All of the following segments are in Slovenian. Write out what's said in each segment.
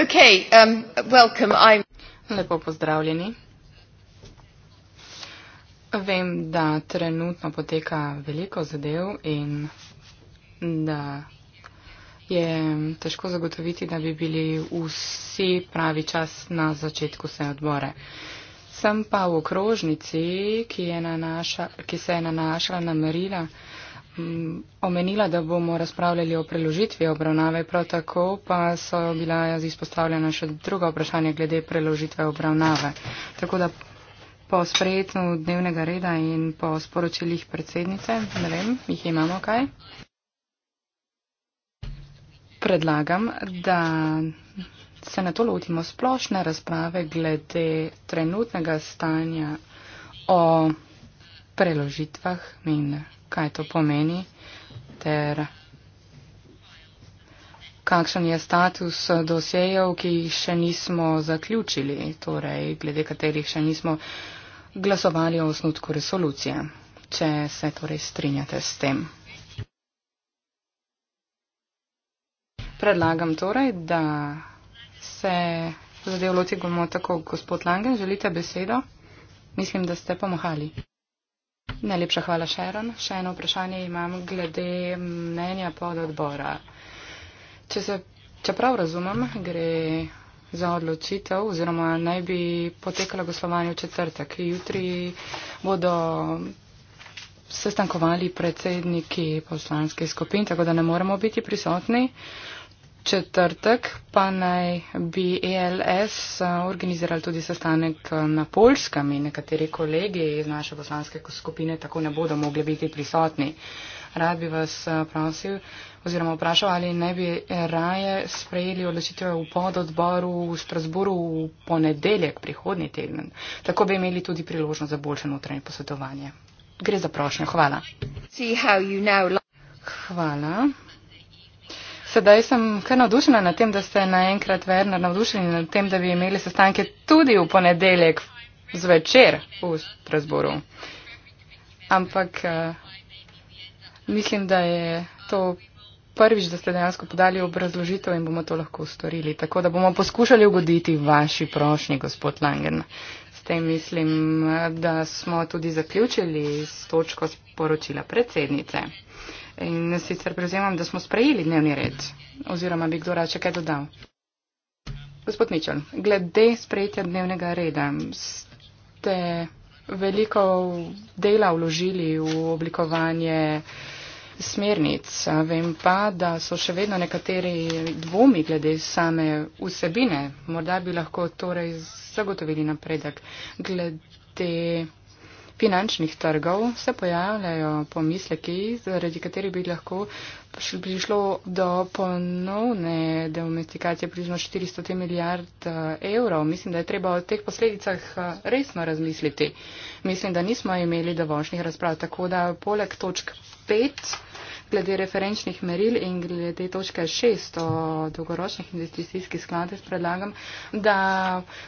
Okay, um, welcome. I'm... Lepo pozdravljeni. Vem, da trenutno poteka veliko zadev in da je težko zagotoviti, da bi bili vsi pravi čas na začetku se odbore. Sem pa v okrožnici, ki, je nanaša, ki se je nanašala na merila. Mm, omenila, da bomo razpravljali o preložitvi obravnave, prav tako pa so bila izpostavljena še druga vprašanja glede preložitve obravnave. Tako da po sprejetju dnevnega reda in po sporočilih predsednice, ne vem, jih imamo kaj. Predlagam, da se na to lotimo splošne razprave glede trenutnega stanja o preložitvah in kaj to pomeni ter kakšen je status dosejev, ki jih še nismo zaključili, torej glede katerih še nismo glasovali o osnutku resolucije, če se torej strinjate s tem. Predlagam torej, da se zadev lotimo tako, gospod Lange, želite besedo? Mislim, da ste pomahali. Najlepša hvala, Šeron. Še eno vprašanje imam glede mnenja pod odbora. Če se, čeprav razumem, gre za odločitev oziroma naj bi potekalo glasovanje v četrtek. Jutri bodo sestankovali predsedniki poslanskih skupin, tako da ne moremo biti prisotni. Uh, četrtek pa naj bi ELS eh, organizirali tudi sestanek eh, na Polskem in nekateri kolegi iz naše poslanske skupine tako ne bodo mogli biti prisotni. Rad bi vas eh, prosil oziroma vprašal, ali ne bi raje sprejeli odločitev v pododboru v Strasburu v ponedeljek prihodnji teden. Tako bi imeli tudi priložnost za boljše notranje posvetovanje. Gre za prošnjo. Hvala. Hvala. Sedaj sem kar navdušena nad tem, da ste naenkrat Werner navdušeni nad tem, da bi imeli sestanke tudi v ponedeljek zvečer v Strasboru. Ampak eh, mislim, da je to prvič, da ste dejansko podali obrazložitev in bomo to lahko ustorili. Tako da bomo poskušali ugoditi vaši prošnji, gospod Langen. S tem mislim, eh, da smo tudi zaključili s točko sporočila predsednice. In sicer prevzemam, da smo sprejeli dnevni red. Oziroma bi kdo rad še kaj dodal. Gospod Mičel, glede sprejetja dnevnega reda ste veliko dela vložili v oblikovanje smernic. Vem pa, da so še vedno nekateri dvomi glede same vsebine. Morda bi lahko torej zagotovili napredek glede finančnih trgov se pojavljajo pomisleki, zaradi katerih bi lahko prišlo do ponovne domestikacije približno 400 milijard eh, evrov. Mislim, da je treba o teh posledicah eh, resno razmisliti. Mislim, da nismo imeli dovoljšnih razprav, tako da poleg točk 5 glede referenčnih meril in glede točke 6 o dolgoročnih investicijskih skladih predlagam, da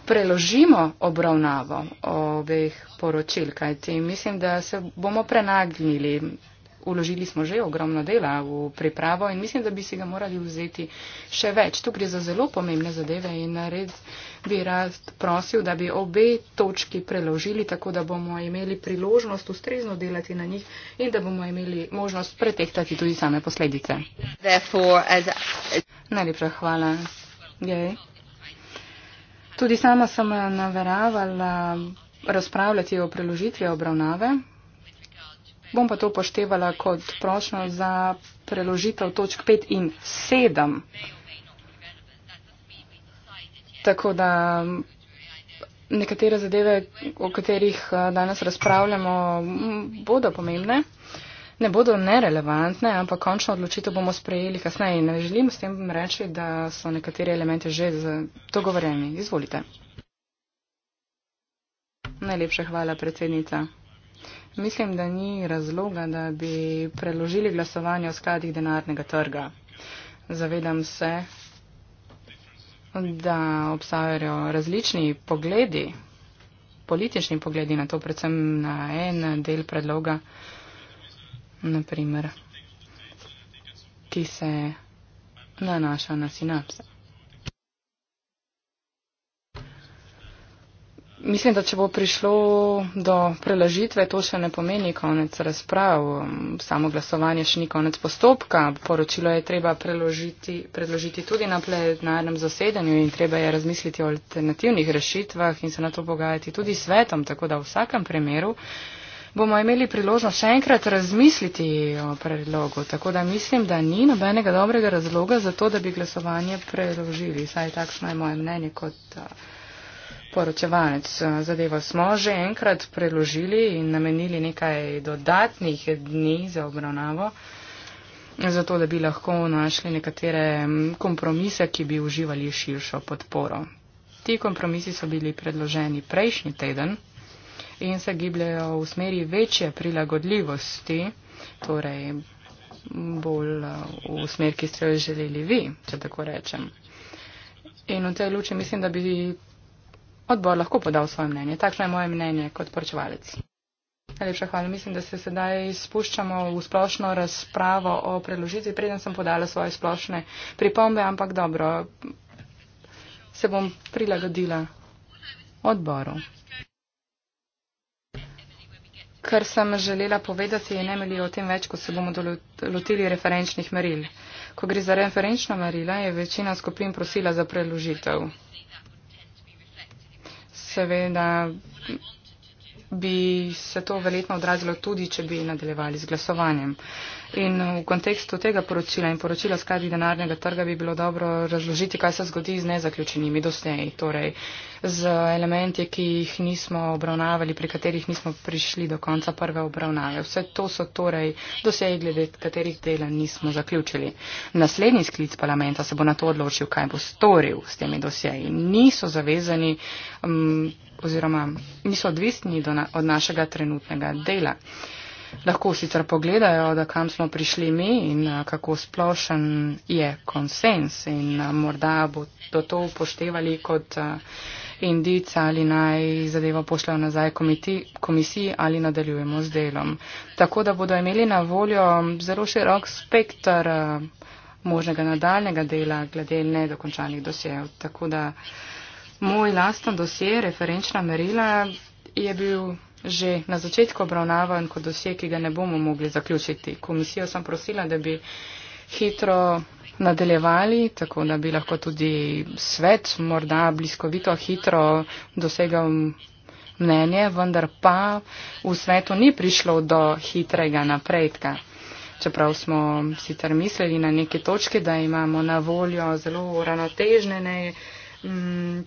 preložimo obravnavo obeh poročil, kajti mislim, da se bomo prenagnili. Uložili smo že ogromno dela v pripravo in mislim, da bi si ga morali vzeti še več. Tu gre za zelo pomembne zadeve in red bi rad prosil, da bi obe točki preložili, tako da bomo imeli priložnost ustrezno delati na njih in da bomo imeli možnost pretehtati tudi same posledice. As a... Najlepša hvala. Gej. Tudi sama sem naveravala razpravljati o preložitvi obravnave bom pa to poštevala kot prošlo za preložitev točk 5 in 7. Tako da nekatere zadeve, o katerih eh, danes razpravljamo, bodo pomembne, ne bodo nerelevantne, ampak končno odločitev bomo sprejeli kasneje. Ne želim s tem reči, da so nekatere elemente že dogovorjeni. Izvolite. Najlepša hvala, predsednica. Mislim, da ni razloga, da bi preložili glasovanje o skladih denarnega trga. Zavedam se, da obstajajo različni pogledi, politični pogledi na to, predvsem na en del predloga, naprimer, ki se nanaša na sinapse. Mislim, da če bo prišlo do prelažitve, to še ne pomeni konec razprav. Samo glasovanje še ni konec postopka. Poročilo je treba predložiti tudi na plenarnem zasedanju in treba je razmisliti o alternativnih rešitvah in se na to pogajati tudi svetom. Tako da v vsakem primeru bomo imeli priložnost še enkrat razmisliti o predlogu. Tako da mislim, da ni nobenega dobrega razloga za to, da bi glasovanje preložili. Saj takšno je moje mnenje kot. Uh, poročevalec. Zadevo smo že enkrat preložili in namenili nekaj dodatnih dni za obravnavo, zato da bi lahko našli nekatere kompromise, ki bi uživali širšo podporo. Ti kompromisi so bili predloženi prejšnji teden in se gibljajo v smeri večje prilagodljivosti, torej bolj v smer, ki ste jo želeli vi, če tako rečem. In v tej luči mislim, da bi odbor lahko podal svoje mnenje. Takšno je moje mnenje kot poročevalec. Najlepša hvala. Mislim, da se sedaj spuščamo v splošno razpravo o preložitvi. Preden sem podala svoje splošne pripombe, ampak dobro, se bom prilagodila odboru. Kar sem želela povedati, je nemeli o tem več, ko se bomo lotili referenčnih meril. Ko gre za referenčna merila, je večina skupin prosila za preložitev seveda bi se to verjetno odrazilo tudi, če bi nadaljevali z glasovanjem. In v kontekstu tega poročila in poročila skladi denarnega trga bi bilo dobro razložiti, kaj se zgodi z nezaključenimi dosneji, torej z elementi, ki jih nismo obravnavali, pri katerih nismo prišli do konca prve obravnave. Vse to so torej dosneji, glede katerih dela nismo zaključili. Naslednji sklic parlamenta se bo na to odločil, kaj bo storil s temi dosneji. Niso zavezani. Um, oziroma niso odvisni na, od našega trenutnega dela. Lahko sicer pogledajo, da kam smo prišli mi in kako splošen je konsens in morda bodo to upoštevali kot indica ali naj zadevo pošljajo nazaj komiti, komisiji ali nadaljujemo z delom. Tako da bodo imeli na voljo zelo širok spektr možnega nadaljnega dela glede nedokončanih dosjev. Tako da. Moj lasten dosje, referenčna merila, je bil že na začetku obravnavan kot dosje, ki ga ne bomo mogli zaključiti. Komisijo sem prosila, da bi hitro nadaljevali, tako da bi lahko tudi svet morda bliskovito hitro dosegal mnenje, vendar pa v svetu ni prišlo do hitrega napredka. Čeprav smo si ter mislili na neki točki, da imamo na voljo zelo uravnotežene. Mm,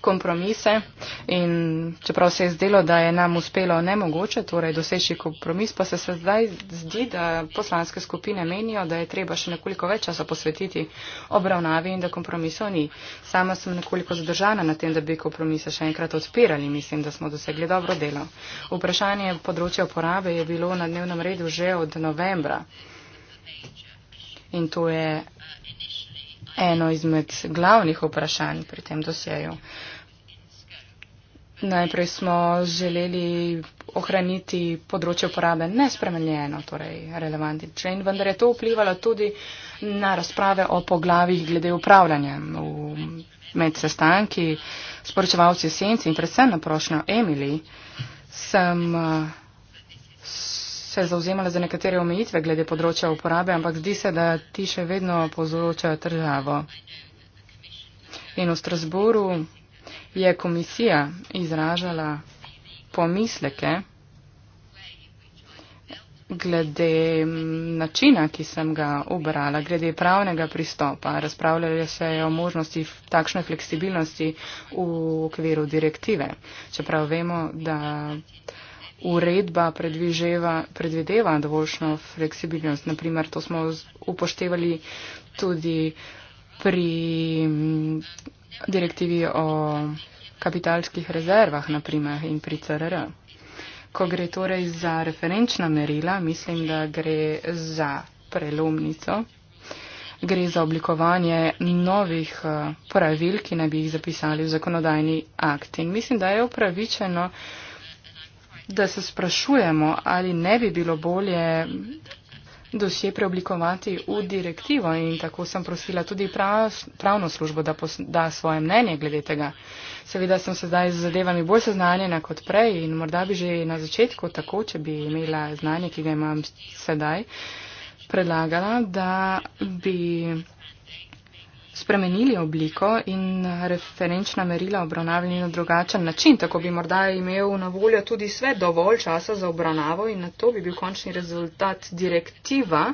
kompromise in čeprav se je zdelo, da je nam uspelo nemogoče, torej doseči kompromis, pa se se zdaj zdi, da poslanske skupine menijo, da je treba še nekoliko več časa posvetiti obravnavi in da kompromisov ni. Sama sem nekoliko zadržana na tem, da bi kompromise še enkrat odpirali. Mislim, da smo dosegli dobro delo. Vprašanje področja uporabe je bilo na dnevnem redu že od novembra. In to je eno izmed glavnih vprašanj pri tem dosjeju. Najprej smo želeli ohraniti področje uporabe nespremenjeno, torej relevantni člen, vendar je to vplivalo tudi na razprave o poglavjih glede upravljanja v, med sestanki s poročevalci Senci in predvsem na prošnjo Emily. Sem uh, se zauzemala za nekatere omejitve glede področja uporabe, ampak zdi se, da ti še vedno povzročajo državo. In v Strasburu je komisija izražala pomisleke glede načina, ki sem ga obrala, glede pravnega pristopa. Razpravljali se je o možnosti takšne fleksibilnosti v okviru direktive. Čeprav vemo, da uredba predvideva dovoljšno fleksibilnost. Naprimer, to smo upoštevali tudi pri direktivi o kapitalskih rezervah naprimer, in pri CRR. Ko gre torej za referenčna merila, mislim, da gre za prelomnico. Gre za oblikovanje novih eh, pravil, ki naj bi jih zapisali v zakonodajni akt. In mislim, da je upravičeno da se sprašujemo, ali ne bi bilo bolje dosje preoblikovati v direktivo in tako sem prosila tudi pravno službo, da da svoje mnenje glede tega. Seveda sem se zdaj z zadevami bolj seznanjena kot prej in morda bi že na začetku tako, če bi imela znanje, ki ga imam sedaj, predlagala, da bi spremenili obliko in referenčna merila obravnavljeni na drugačen način, tako bi morda imel na voljo tudi svet dovolj časa za obravnavo in na to bi bil končni rezultat direktiva,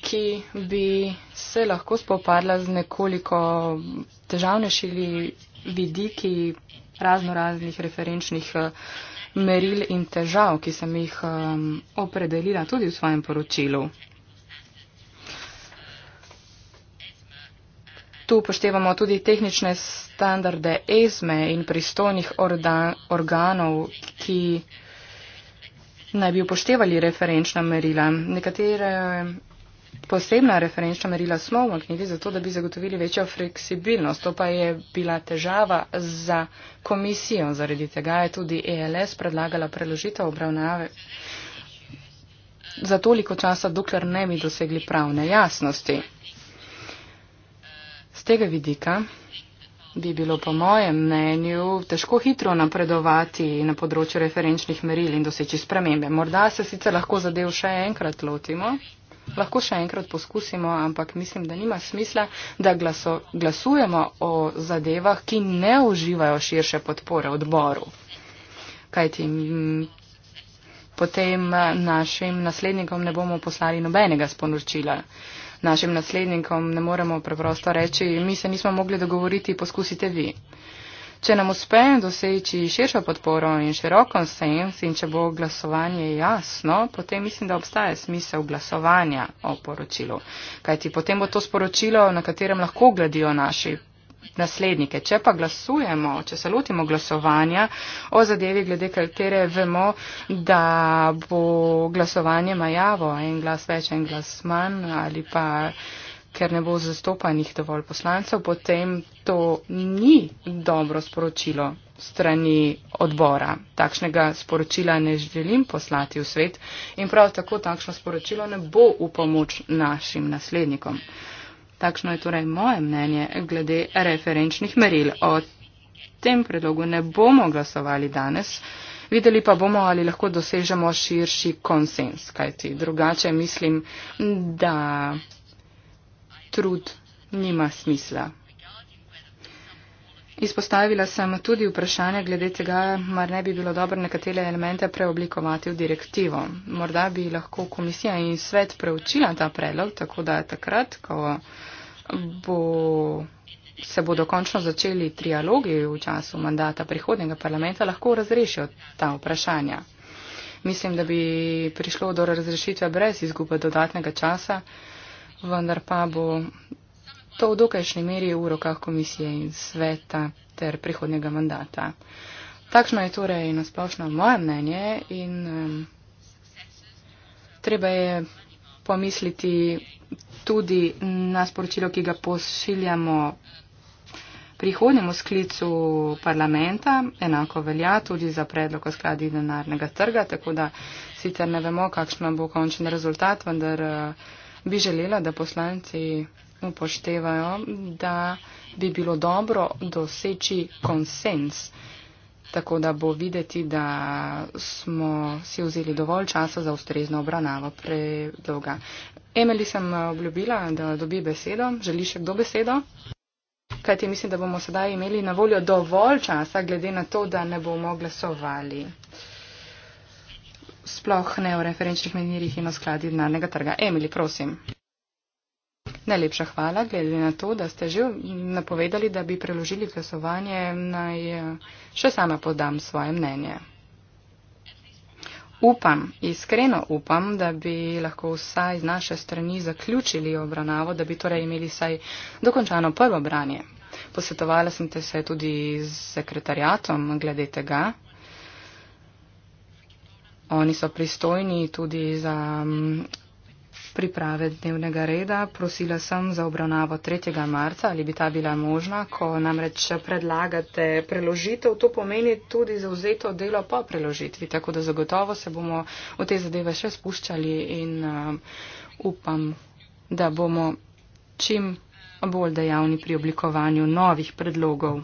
ki bi se lahko spopadla z nekoliko težavnejšimi vidiki razno raznih referenčnih eh, meril in težav, ki sem jih um, opredelila tudi v svojem poročilu. Tu upoštevamo tudi tehnične standarde ESME in pristojnih organov, ki naj bi upoštevali referenčna merila. Nekatere posebna referenčna merila smo umaknili zato, da bi zagotovili večjo fleksibilnost. To pa je bila težava za komisijo. Zaradi tega je tudi ELS predlagala preložitev obravnave za toliko časa, dokler ne bi dosegli pravne jasnosti. Z tega vidika bi bilo po mojem mnenju težko hitro napredovati na področju referenčnih meril in doseči spremembe. Morda se sicer lahko zadev še enkrat lotimo, lahko še enkrat poskusimo, ampak mislim, da nima smisla, da glaso, glasujemo o zadevah, ki ne uživajo širše podpore odboru. Kajti mm, potem našim naslednikom ne bomo poslali nobenega sponorčila našim naslednikom ne moremo preprosto reči, mi se nismo mogli dogovoriti, poskusite vi. Če nam uspe doseči širšo podporo in širok konsens in če bo glasovanje jasno, potem mislim, da obstaja smisel glasovanja o poročilu. Kajti potem bo to sporočilo, na katerem lahko gledijo naši naslednike. Če pa glasujemo, če se lotimo glasovanja o zadevi, glede katere vemo, da bo glasovanje majavo, en glas več, en glas manj ali pa ker ne bo zastopanih dovolj poslancev, potem to ni dobro sporočilo strani odbora. Takšnega sporočila ne želim poslati v svet in prav tako takšno sporočilo ne bo v pomoč našim naslednikom. Takšno je torej moje mnenje glede referenčnih meril. O tem predlogu ne bomo glasovali danes. Videli pa bomo, ali lahko dosežemo širši konsens, kajti drugače mislim, da trud nima smisla. Izpostavila sem tudi vprašanje glede tega, mar ne bi bilo dobro nekatere elemente preoblikovati v direktivo. Morda bi lahko komisija in svet preučila ta predlog, tako da je takrat, ko bo, se bodo končno začeli trialogi v času mandata prihodnega parlamenta, lahko razrešijo ta vprašanja. Mislim, da bi prišlo do razrešitve brez izgube dodatnega časa, vendar pa bo to v dokajšnji meri v rokah komisije in sveta ter prihodnega mandata. Takšno je torej nasplošno moje mnenje in um, treba je pomisliti tudi na sporočilo, ki ga pošiljamo prihodnjemu sklicu parlamenta. Enako velja tudi za predlog o skladi denarnega trga, tako da sicer ne vemo, kakšen bo končen rezultat, vendar eh, bi želela, da poslanci upoštevajo, da bi bilo dobro doseči konsens tako da bo videti, da smo si vzeli dovolj časa za ustrezno obravnavo predloga. Emeli sem eh, obljubila, da dobi besedo. Želi še kdo besedo? Kajti mislim, da bomo sedaj imeli na voljo dovolj časa, glede na to, da ne bomo glasovali. Sploh ne o referenčnih menirjih in o skladi denarnega trga. Emeli, prosim. Najlepša hvala, glede na to, da ste že napovedali, da bi preložili glasovanje, naj eh, še sama podam svoje mnenje. Upam, iskreno upam, da bi lahko vsaj z naše strani zaključili obravnavo, da bi torej imeli vsaj dokončano prvo branje. Posvetovala sem te se tudi z sekretarjatom glede tega. Oni so pristojni tudi za mm, priprave dnevnega reda. Prosila sem za obravnavo 3. marca, ali bi ta bila možna, ko namreč predlagate preložitev. To pomeni tudi zauzeto delo po preložitvi, tako da zagotovo se bomo v te zadeve še spuščali in uh, upam, da bomo čim bolj dejavni pri oblikovanju novih predlogov.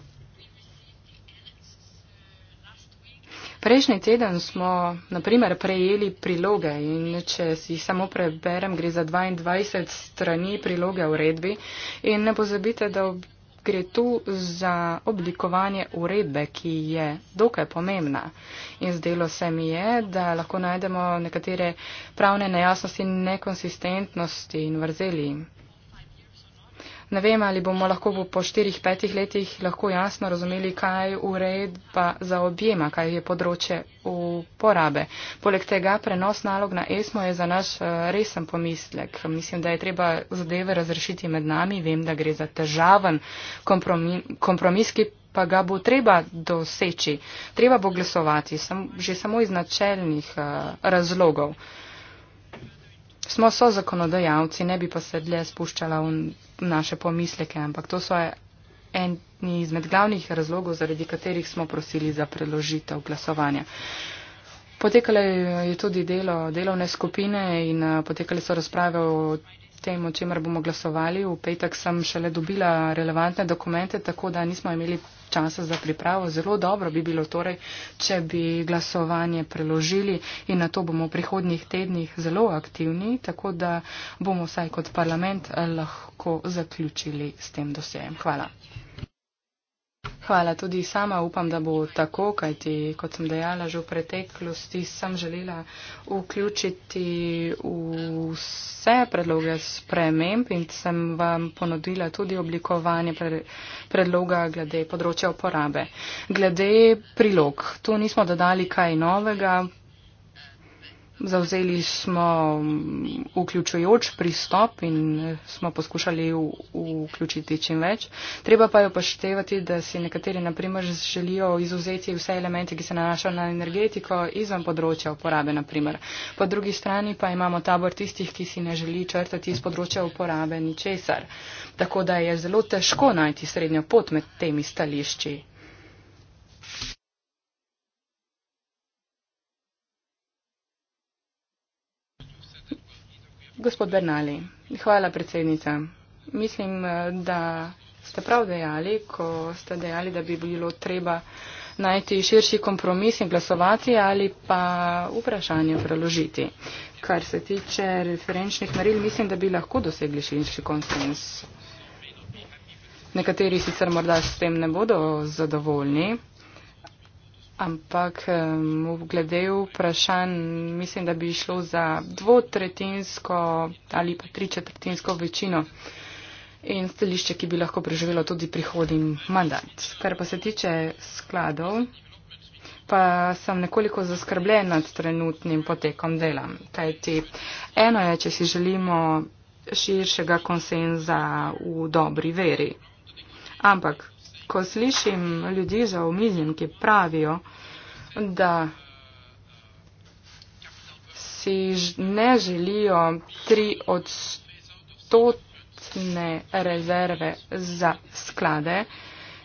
Prejšnji teden smo, na primer, prejeli priloge in če si jih samo preberem, gre za 22 strani priloge uredbi in ne pozabite, da gre tu za oblikovanje uredbe, ki je dokaj pomembna. In zdelo se mi je, da lahko najdemo nekatere pravne nejasnosti, nekonsistentnosti in vrzeli ne vem, ali bomo lahko po 4-5 letih lahko jasno razumeli, kaj uredba zaobjema, kaj je področje uporabe. Poleg tega prenos nalog na ESMO je za naš eh, resen pomislek. Mislim, da je treba zadeve razrešiti med nami. Vem, da gre za težaven kompromis, kompromis ki pa ga bo treba doseči. Treba bo glasovati sam, že samo iz načelnih uh, razlogov. Uh, smo so zakonodajalci, ne bi pa se dlje spuščala v naše pomisleke, ampak to so eni izmed glavnih razlogov, zaradi katerih smo prosili za preložitev glasovanja. Potekale je tudi delo, delovne skupine in eh, potekale so razprave o tem, o čemer bomo glasovali. V petek sem šele dobila relevantne dokumente, tako da nismo imeli časa za pripravo. Zelo dobro bi bilo torej, če bi glasovanje preložili in na to bomo v prihodnjih tednih zelo aktivni, tako da bomo vsaj kot parlament eh, lahko zaključili s tem dosejem. Hvala. Hvala, tudi sama upam, da bo tako, kajti, kot sem dejala že v preteklosti, sem želela vključiti vse predloge sprememb in sem vam ponudila tudi oblikovanje predloga glede področja uporabe. Glede prilog, tu nismo dodali kaj novega, Zavzeli smo vključujoč pristop in eh, smo poskušali vključiti čim več. Treba pa je upoštevati, da si nekateri, naprimer, želijo izuzeti vse elemente, ki se nanašajo na energetiko izven področja uporabe, naprimer. Po drugi strani pa imamo tabor tistih, ki si ne želi črtati iz področja uporabe ničesar. Tako da je zelo težko najti srednjo pot med temi stališči. Gospod Bernali, hvala predsednica. Mislim, eh, da ste prav dejali, ko ste dejali, da bi bilo treba najti širši kompromis in glasovati ali pa vprašanje preložiti. Kar se tiče referenčnih meril, mislim, da bi lahko dosegli širši konsens. Nekateri sicer morda s tem ne bodo zadovoljni. Ampak um, glede vprašanj, mislim, da bi šlo za dvotretinsko ali pa tričetrtinsko večino in stališče, ki bi lahko preživelo tudi prihodnji mandat. Kar pa se tiče skladov, pa sem nekoliko zaskrbljen nad trenutnim potekom dela. Kajti eno je, če si želimo širšega konsenza v dobri veri. Ampak ko slišim ljudi za omizjem, ki pravijo, da si ne želijo tri odstotne rezerve za sklade,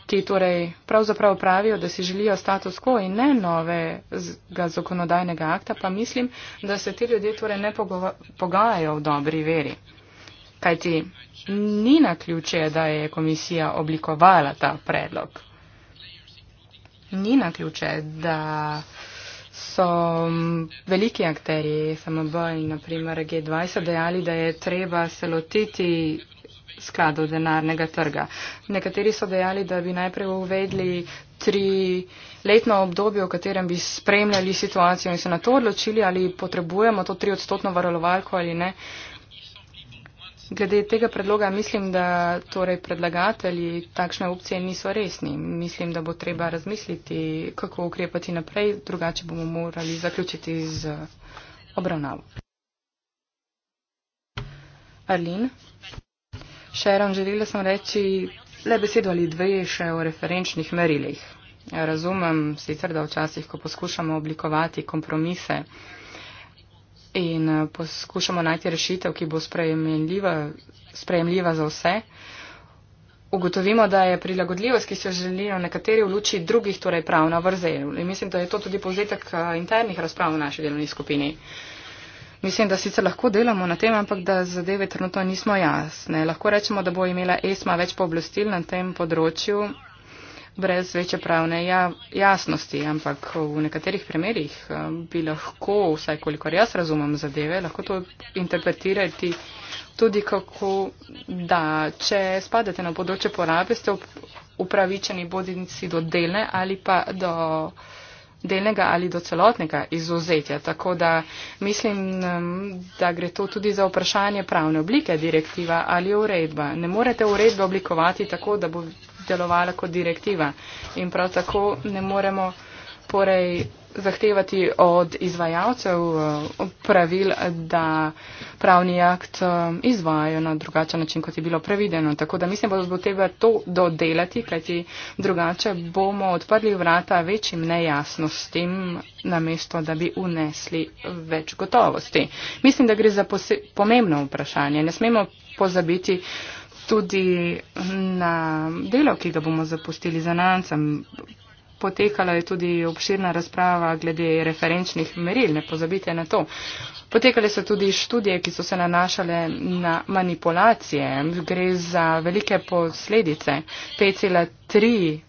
ki torej pravzaprav pravijo, da si želijo status quo in ne novega zakonodajnega akta, pa mislim, da se ti ljudje torej ne pogajajo v dobri veri. Kajti ni na ključje, da je komisija oblikovala ta predlog. Ni na ključe, da so veliki akteri SMB in naprimer G20 dejali, da je treba se lotiti skladov denarnega trga. Nekateri so dejali, da bi najprej uvedli tri letno obdobje, v katerem bi spremljali situacijo in se na to odločili, ali potrebujemo to tri odstotno varalovalko ali ne. Uh, Glede tega predloga mislim, da torej predlagatelji takšne opcije niso resni. Mislim, da bo treba razmisliti, kako ukrepati naprej, drugače bomo morali zaključiti z obravnavo. Arlin? Šeron, želela sem reči le besedo ali dve še o referenčnih merilih. Razumem sicer, da včasih, ko poskušamo oblikovati kompromise, in eh, poskušamo najti rešitev, ki bo sprejemljiva za vse. Ugotovimo, da je prilagodljivost, ki se jo želijo nekateri v luči drugih, torej pravna vrzel. In mislim, da je to tudi povzetek eh, internih razprav v naši delovni skupini. Mislim, da sicer lahko delamo na tem, ampak da zadeve trenutno nismo jasne. Lahko rečemo, da bo imela ESMA več pooblastil na tem področju, brez večje pravne ja, jasnosti, ampak v nekaterih primerjih eh, bi lahko, vsaj kolikor jaz razumem zadeve, lahko to interpretirati tudi kako, da če spadate na področje porabe, ste upravičeni bodi si do delne ali pa do delnega ali do celotnega izuzetja. Tako da mislim, mm, da gre to tudi za vprašanje pravne oblike direktiva ali uredba. Ne morete uredbe oblikovati tako, da bo delovala kot direktiva. In prav tako ne moremo torej zahtevati od izvajalcev eh, pravil, da pravni akt eh, izvajo na drugačen način, kot je bilo prevideno. Tako da mislim, da bo treba to dodelati, kajti drugače bomo odprli vrata večjim nejasnostim, namesto da bi unesli več gotovosti. Mislim, da gre za pomembno vprašanje. Ne smemo pozabiti tudi na delo, ki ga bomo zapustili za nancem. Potekala je tudi obširna razprava glede referenčnih meril, ne pozabite na to. Potekale so tudi študije, ki so se nanašale na manipulacije. Gre za velike posledice. 5,3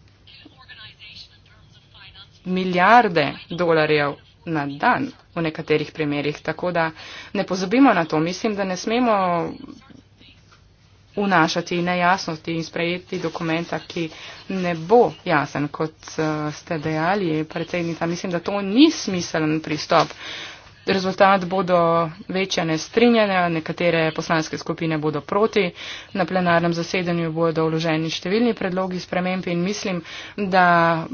milijarde dolarjev na dan v nekaterih primerjih. Tako da ne pozabimo na to. Mislim, da ne smemo vnašati nejasnosti in sprejeti dokumenta, ki ne bo jasen, kot eh, ste dejali, predsednica. Mislim, da to ni smiselen pristop. Rezultat bodo večje nestrinjanja, nekatere poslanske skupine bodo proti, na plenarnem zasedanju bodo vloženi številni predlogi sprememb in mislim, da.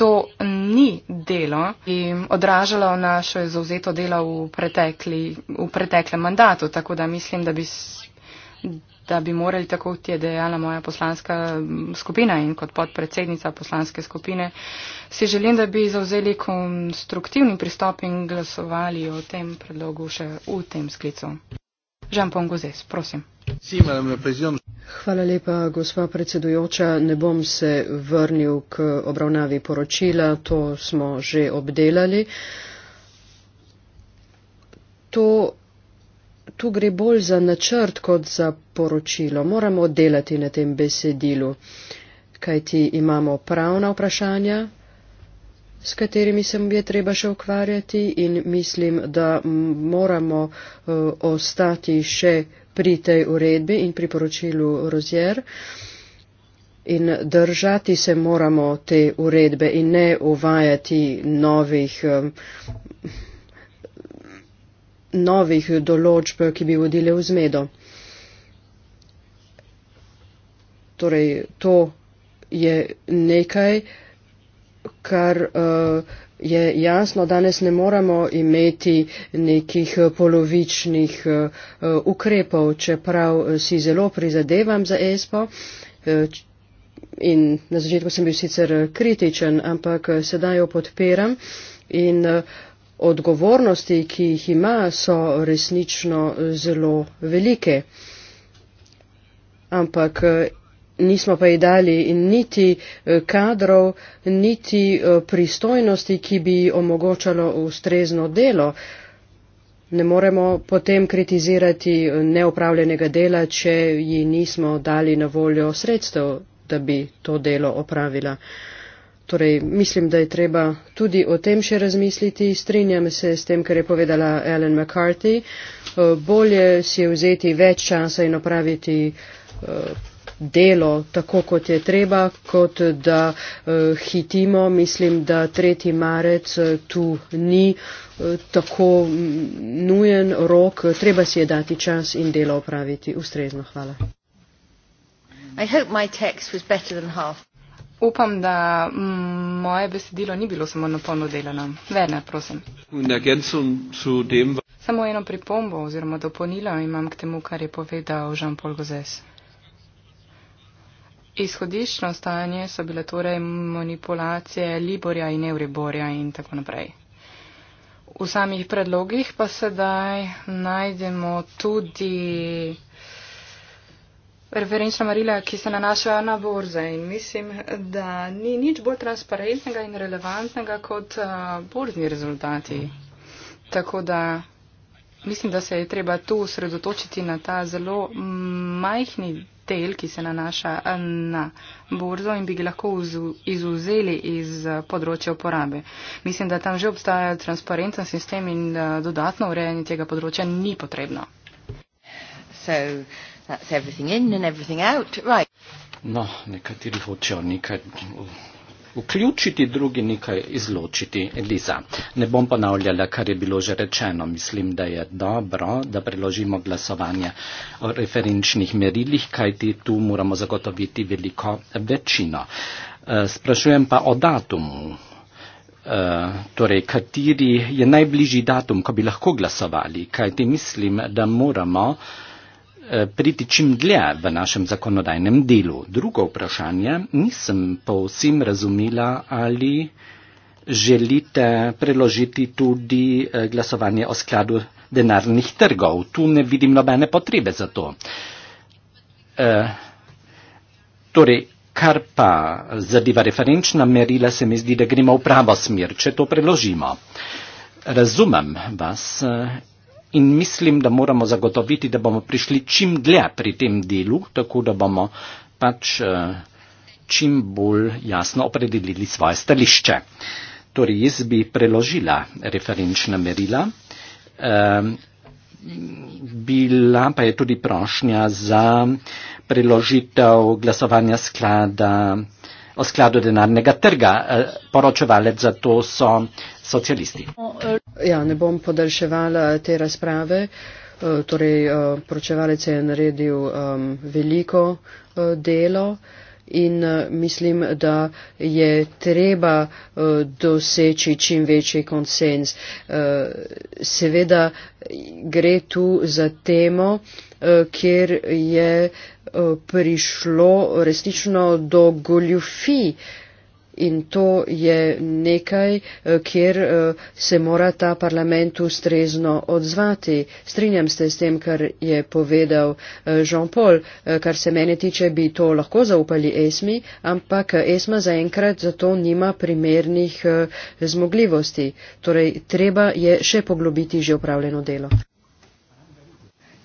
To ni delo, ki odražalo naše zauzeto delo v, pretekli, v preteklem mandatu, tako da mislim, da bi, da bi morali, tako kot je dejala moja poslanska mm, skupina in kot podpredsednica poslanske skupine, si želim, da bi zauzeli konstruktivni pristop in glasovali o tem predlogu še v tem sklicu. Žan Pongozes, prosim. Hvala lepa, gospa predsedujoča. Ne bom se vrnil k obravnavi poročila, to smo že obdelali. To tu gre bolj za načrt kot za poročilo. Moramo delati na tem besedilu, kajti imamo pravna vprašanja, s katerimi se je treba še ukvarjati in mislim, da moramo uh, ostati še pri tej uredbi in priporočilu Rozier. In držati se moramo te uredbe in ne uvajati novih. Um, novih določb, ki bi vodile v zmedo. Torej, to je nekaj, kar uh, je jasno, danes ne moramo imeti nekih eh, polovičnih uh, ukrepov, čeprav si zelo prizadevam za ESPO. In na začetku sem bil sicer kritičen, ampak sedaj jo podpiram. In uh, odgovornosti, ki jih ima, so resnično zelo velike. Ampak eh, nismo pa ji dali niti eh, kadrov, niti eh, pristojnosti, ki bi omogočalo ustrezno delo. Ne moremo potem kritizirati neopravljenega dela, če ji nismo dali na voljo sredstev, da bi to delo opravila. Torej, mislim, da je treba tudi o tem še razmisliti. Strinjam se s tem, kar je povedala Ellen McCarthy. Eh, bolje si je vzeti več časa in opraviti eh, delo tako, kot je treba, kot da eh, hitimo. Mislim, da 3. marec tu ni tako mm, nujen rok. Treba si je dati čas in delo opraviti. Ustrezno, hvala. I hope my text was better than half. Upam, da mm, moje besedilo ni bilo samo napolno delano. Werner, prosim. Samo eno pripombo oziroma dopolnilo imam k temu, kar je povedal Jean-Paul Gozes. Izhodiščno stanje so bile torej manipulacije Liborja in Euriborja in tako naprej. V samih predlogih pa sedaj najdemo tudi referenčna marila, ki se nanašajo na borze. In mislim, da ni nič bolj transparentnega in relevantnega kot uh, borzni rezultati. Tako da mislim, da se je treba tu sredotočiti na ta zelo mm, majhni del, ki se nanaša eh, na borzo in bi ga lahko izuzeli iz eh, področja uporabe. Mislim, da tam že obstaja transparenten sistem in dodatno urejanje tega področja ni potrebno. So, That's everything in and everything out, right. No, nekateri hočejo nekaj vključiti, drugi nekaj izločiti, Eliza. Ne bom ponavljala, kar je bilo že rečeno. Mislim, da je dobro, da preložimo glasovanje o referenčnih merilih, kajti tu moramo zagotoviti veliko večino. E, sprašujem pa o datumu. Uh, torej, kateri je najbližji datum, ko bi lahko glasovali, kajti mislim, da moramo uh, Eh, priti čim dlje v našem zakonodajnem delu. Drugo vprašanje, nisem pa vsem razumela, ali želite preložiti tudi eh, glasovanje o skladu denarnih trgov. Tu ne vidim nobene potrebe za to. E, torej, kar pa zadeva referenčna merila, se mi zdi, da gremo v pravo smer, če to preložimo. Razumem vas in mislim, da moramo zagotoviti, da bomo prišli čim dlje pri tem delu, tako da bomo pač eh, čim bolj jasno opredelili svoje stališče. Torej, jaz bi preložila referenčna merila. Ehm, bila pa je tudi prošnja za preložitev glasovanja sklada o skladu denarnega trga, eh, poročevalec za to so socialisti. Ja, ne bom podaljševala te razprave. Eh, torej, eh, poročevalec je naredil um, veliko uh, delo. Uh, in eh, mislim, da je treba eh, doseči čim večji konsens. Eh, seveda gre tu za temo, kjer je prišlo resnično do goljufi in to je nekaj, eh, kjer eh, se mora ta parlament ustrezno odzvati. Strinjam se s tem, kar je povedal eh, Jean-Paul, kar se mene tiče, bi to lahko zaupali ESMI, ampak ESMA zaenkrat za to nima primernih zmogljivosti. Torej, treba je še poglobiti že upravljeno delo.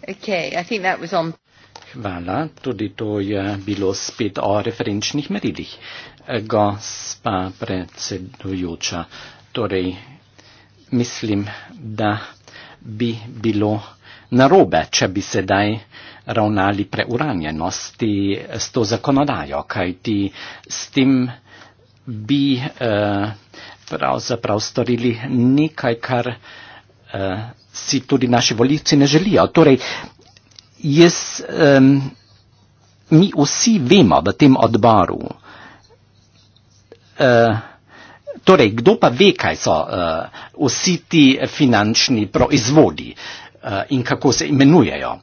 Okay, Hvala, tudi to je bilo spet o referenčnih merilih gospa predsedujoča. Torej, mislim, da bi bilo narobe, če bi sedaj ravnali preuranjenosti s to zakonodajo, kajti s tem bi eh, pravzaprav storili nekaj, kar eh, si tudi naši voljivci ne želijo. Torej, jaz, eh, mi vsi vemo v tem odboru, Eh, torej, kdo pa ve, kaj so uh, vsi ti finančni proizvodi uh, in kako se imenujejo.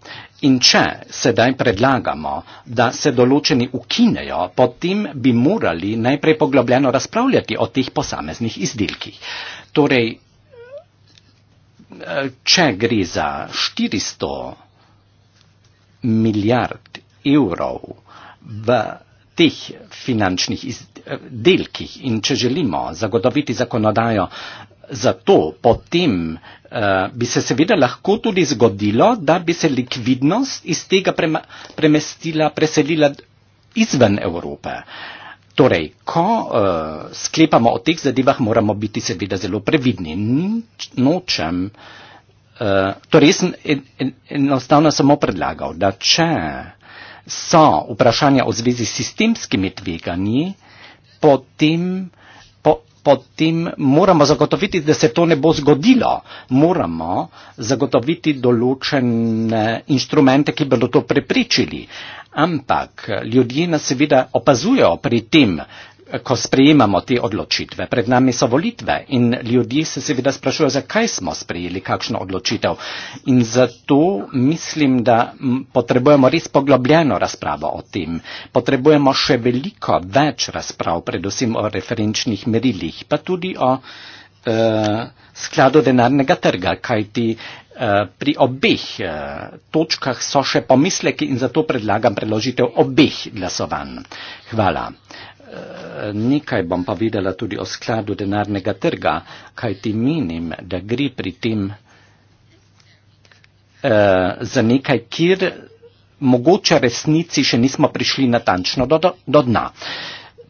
In če sedaj predlagamo, da se določeni ukinejo, potem bi morali najprej poglobljeno razpravljati o teh posameznih izdelkih. Torej, če gre za 400 milijard evrov v teh finančnih izdelkih in če želimo zagotoviti zakonodajo za to, potem uh, bi se seveda lahko tudi zgodilo, da bi se likvidnost iz tega prema, premestila, preselila izven Evrope. Torej, ko uh, sklepamo o teh zadevah, moramo biti seveda zelo previdni. Nič, nočem, uh, eh, torej, jaz sem en, en, enostavno samo predlagal, da če so vprašanja v zvezi s sistemskimi tveganji, potem, po, potem moramo zagotoviti, da se to ne bo zgodilo. Moramo zagotoviti določene inštrumente, ki bodo to prepričali. Ampak ljudje nas seveda opazujo pri tem, ko sprejemamo te odločitve. Pred nami so volitve in ljudje se seveda sprašujejo, zakaj smo sprejeli kakšno odločitev. In zato mislim, da potrebujemo res poglobljeno razpravo o tem. Potrebujemo še veliko več razprav, predvsem o referenčnih merilih, pa tudi o eh, skladu denarnega trga, kajti eh, pri obeh eh, točkah so še pomisleki in zato predlagam preložitev obeh glasovanj. Hvala nekaj bom pa videla tudi o skladu denarnega trga, kaj ti menim, da gre pri tem eh, za nekaj, kjer mogoče resnici še nismo prišli natančno do, do, do dna.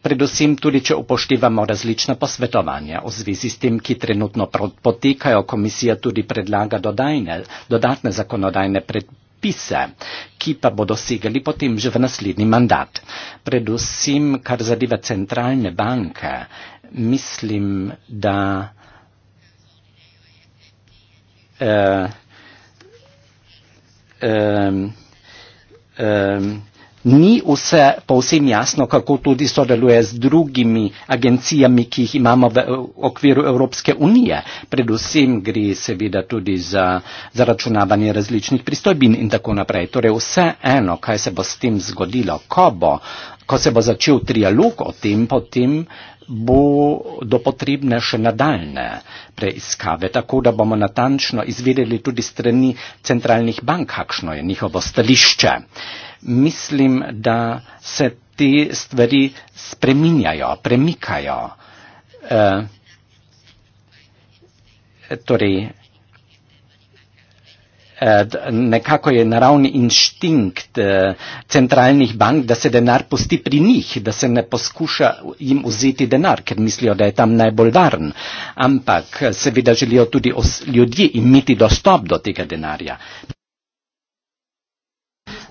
Predvsem tudi, če upoštevamo različna posvetovanja v zvezi s tem, ki trenutno potekajo, komisija tudi predlaga dodajne, dodatne zakonodajne predpise predpise, ki pa bodo segali potem že v naslednji mandat. Predvsem, kar zadeva centralne banke, mislim, da eh, eh, eh, ni vse povsem jasno, kako tudi sodeluje z drugimi agencijami, ki jih imamo v okviru Evropske unije. Predvsem gre seveda tudi za zaračunavanje različnih pristojbin in tako naprej. Torej vse eno, kaj se bo s tem zgodilo, ko bo uh, Ko se bo začel trialog o tem, potem bo do potrebne še nadaljne preiskave, tako da bomo natančno izvedeli tudi strani centralnih bank, kakšno je njihovo stališče. Mislim, da se te stvari spreminjajo, premikajo. E, torej, Eh, nekako je naravni inštinkt eh, centralnih bank, da se denar pusti pri njih, da se ne poskuša jim vzeti denar, ker mislijo, da je tam najbolj varen. Ampak eh, seveda želijo tudi ljudje imeti dostop do tega denarja.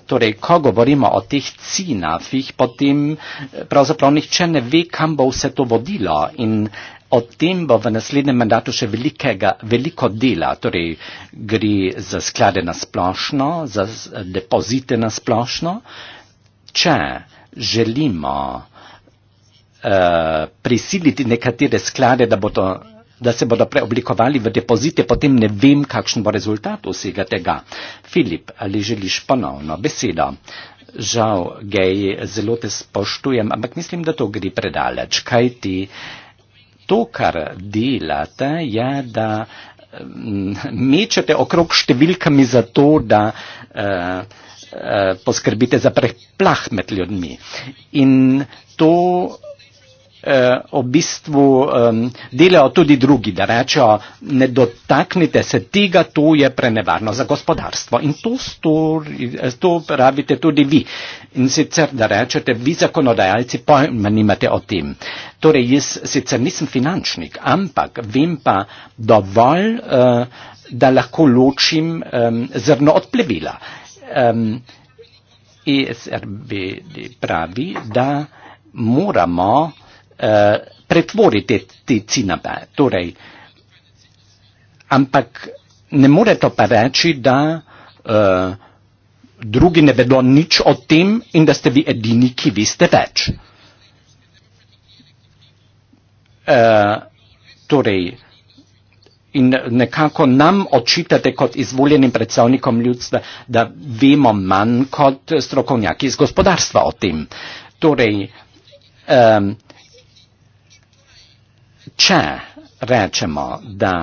Torej, ko govorimo o teh cinafih, potem pravzaprav nihče ne ve, kam bo vse to vodilo in O tem bo v naslednjem mandatu še velikega, veliko dela, torej gre za sklade na splošno, za depozite na splošno. Če želimo uh, prisiliti nekatere sklade, da, bodo, da se bodo preoblikovali v depozite, potem ne vem, kakšen bo rezultat vsega tega. Filip, ali želiš ponovno besedo? Žal, gej, zelo te spoštujem, ampak mislim, da to gre predaleč. Kaj ti? Uh, to, kar delate, je, da mm, mečete okrog številkami za to, da eh, eh, poskrbite za preplah med ljudmi. In to eh, v bistvu eh, delajo tudi drugi, da rečejo, ne dotaknite se tega, to je prenevarno za gospodarstvo. In to, stori, to pravite tudi vi. In sicer, da rečete, vi zakonodajalci pojma nimate o tem. Torej, jaz sicer nisem finančnik, ampak vem pa dovolj, eh, da lahko ločim eh, zrno od plevela. Eh, ESRB pravi, da moramo Eh, pretvori te, te cinabe. Torej, ampak ne more to pa reči, da uh, drugi ne vedo nič o tem in da ste vi edini, ki veste več. Uh, torej, in nekako nam očitate kot izvoljenim predstavnikom ljudstva, da vemo manj kot strokovnjaki iz gospodarstva o tem. Torej, um, Če rečemo, da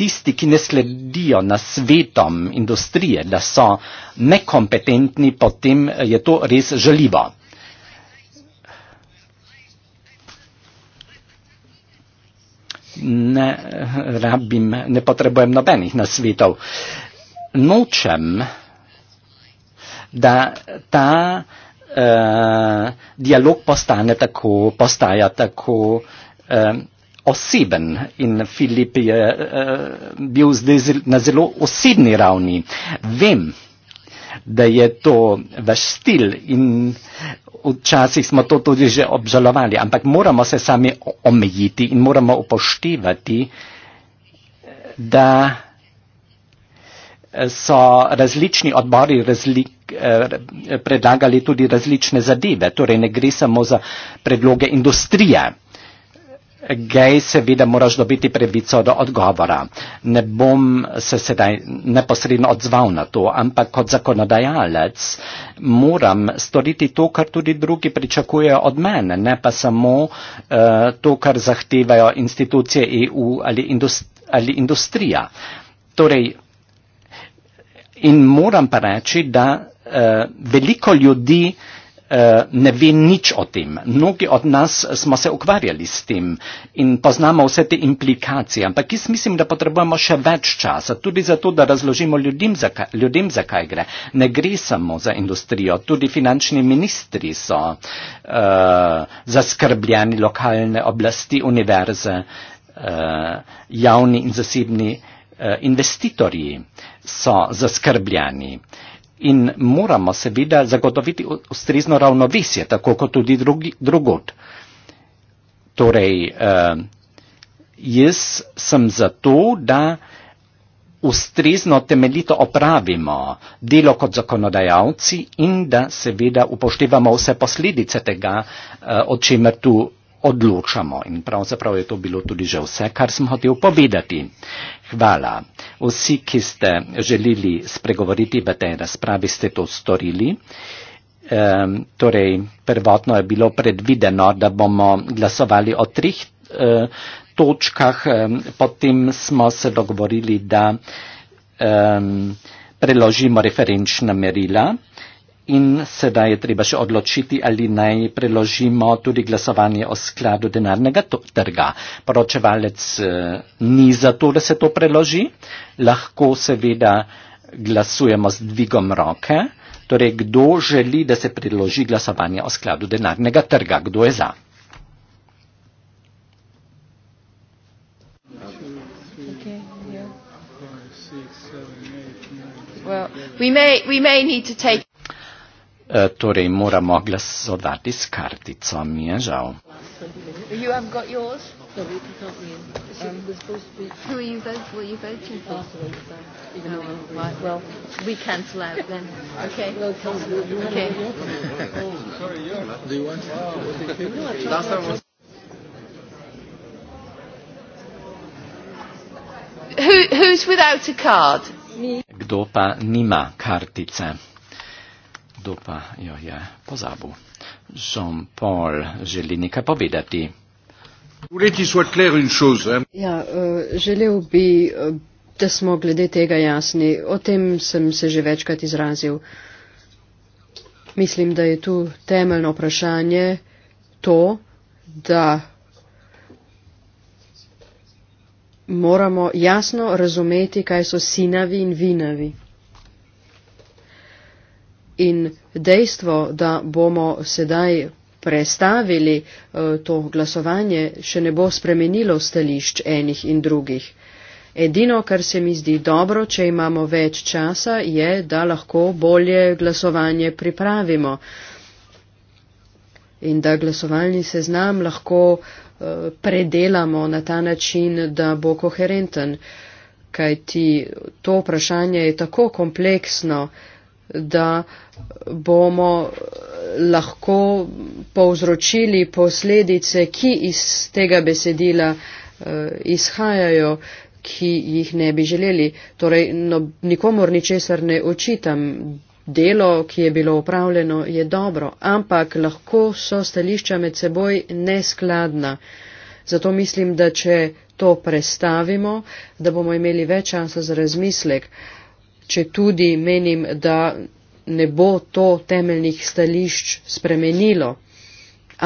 tisti, ki ne sledijo na svetom industrije, da so nekompetentni, potem je to res žaljivo. Ne, rabim, ne potrebujem nobenih nasvetov. Nočem, da ta uh, dialog postane tako, postaja tako uh, oseben in Filip je uh, bil zdaj na zelo osebni ravni. Vem, da je to vaš stil in včasih smo to tudi že obžalovali, ampak moramo se sami omejiti in moramo upoštevati, da eh, so različni odbori razlik, eh, predlagali tudi različne zadeve, torej ne gre samo za predloge industrije gej seveda moraš dobiti pravico do odgovora. Ne bom se sedaj neposredno odzval na to, ampak kot zakonodajalec moram storiti to, kar tudi drugi pričakujejo od mene, ne pa samo uh, to, kar zahtevajo institucije EU ali, industri ali industrija. Torej, in moram pa reči, da uh, veliko ljudi uh, Eh, ne ve nič o tem. Mnogi od nas smo se ukvarjali s tem in poznamo vse te implikacije, ampak jaz mislim, da potrebujemo še več časa, tudi zato, da razložimo ljudem, zakaj, ljudem, zakaj gre. Ne gre samo za industrijo, tudi finančni ministri so uh, zaskrbljeni, lokalne oblasti, univerze, uh, javni in zasebni uh, investitorji so zaskrbljeni. Uh, in moramo seveda zagotoviti ustrezno ravnovesje, tako kot tudi drugi, drugot. Torej, eh, jaz sem zato, da ustrezno temeljito opravimo delo kot zakonodajalci in da seveda upoštevamo vse posledice tega, eh, o čemer tu odločamo. In pravzaprav je to bilo tudi že vse, kar sem hotel povedati. Hvala. Vsi, ki ste želeli spregovoriti v tej razpravi, ste to storili. Ehm, torej, prvotno je bilo predvideno, da bomo glasovali o trih e, eh, točkah, e, potem smo se dogovorili, da e, preložimo referenčna merila in sedaj je treba še odločiti, ali naj preložimo tudi glasovanje o skladu denarnega trga. Poročevalec eh, ni za to, da se to preloži. Lahko seveda glasujemo z dvigom roke. Torej, kdo želi, da se preloži glasovanje o skladu denarnega trga? Kdo je za? Well, we may, we may need to take Eh, torej moramo glasovati s kartico, mi je žal. Kdo pa nima kartice? Kdo pa jo je pozabil? Jean-Paul želi nekaj povedati. Ja, eh, želel bi, eh, da smo glede tega jasni. O tem sem se že večkrat izrazil. Mislim, da je tu temeljno vprašanje to, da moramo jasno razumeti, kaj so sinavi in vinavi in dejstvo, da bomo sedaj prestavili eh, to glasovanje, še ne bo spremenilo stališč enih in drugih. Edino, kar se mi zdi dobro, če imamo več časa, je, da lahko bolje glasovanje pripravimo in da glasovalni seznam lahko eh, predelamo na ta način, da bo koherenten, kajti to vprašanje je tako kompleksno, da bomo lahko povzročili posledice, ki iz tega besedila eh, izhajajo, ki jih ne bi želeli. Torej, no, nikomor ničesar ne očitam. Delo, ki je bilo upravljeno, je dobro, ampak lahko so stališča med seboj neskladna. Zato mislim, da če to prestavimo, da bomo imeli več časa za razmislek. Uh, če tudi menim, da ne bo to temeljnih stališč spremenilo,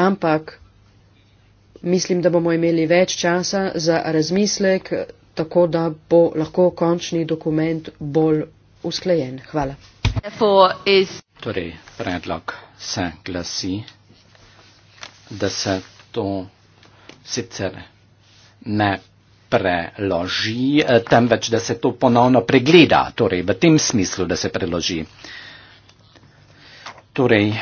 ampak mislim, da bomo imeli več časa za razmislek, tako da bo lahko končni dokument bolj usklejen. Hvala. Is... Torej, predlog se glasi, da se to sicer ne preloži, eh, temveč da se to ponovno pregleda, torej v tem smislu, da se preloži. Torej,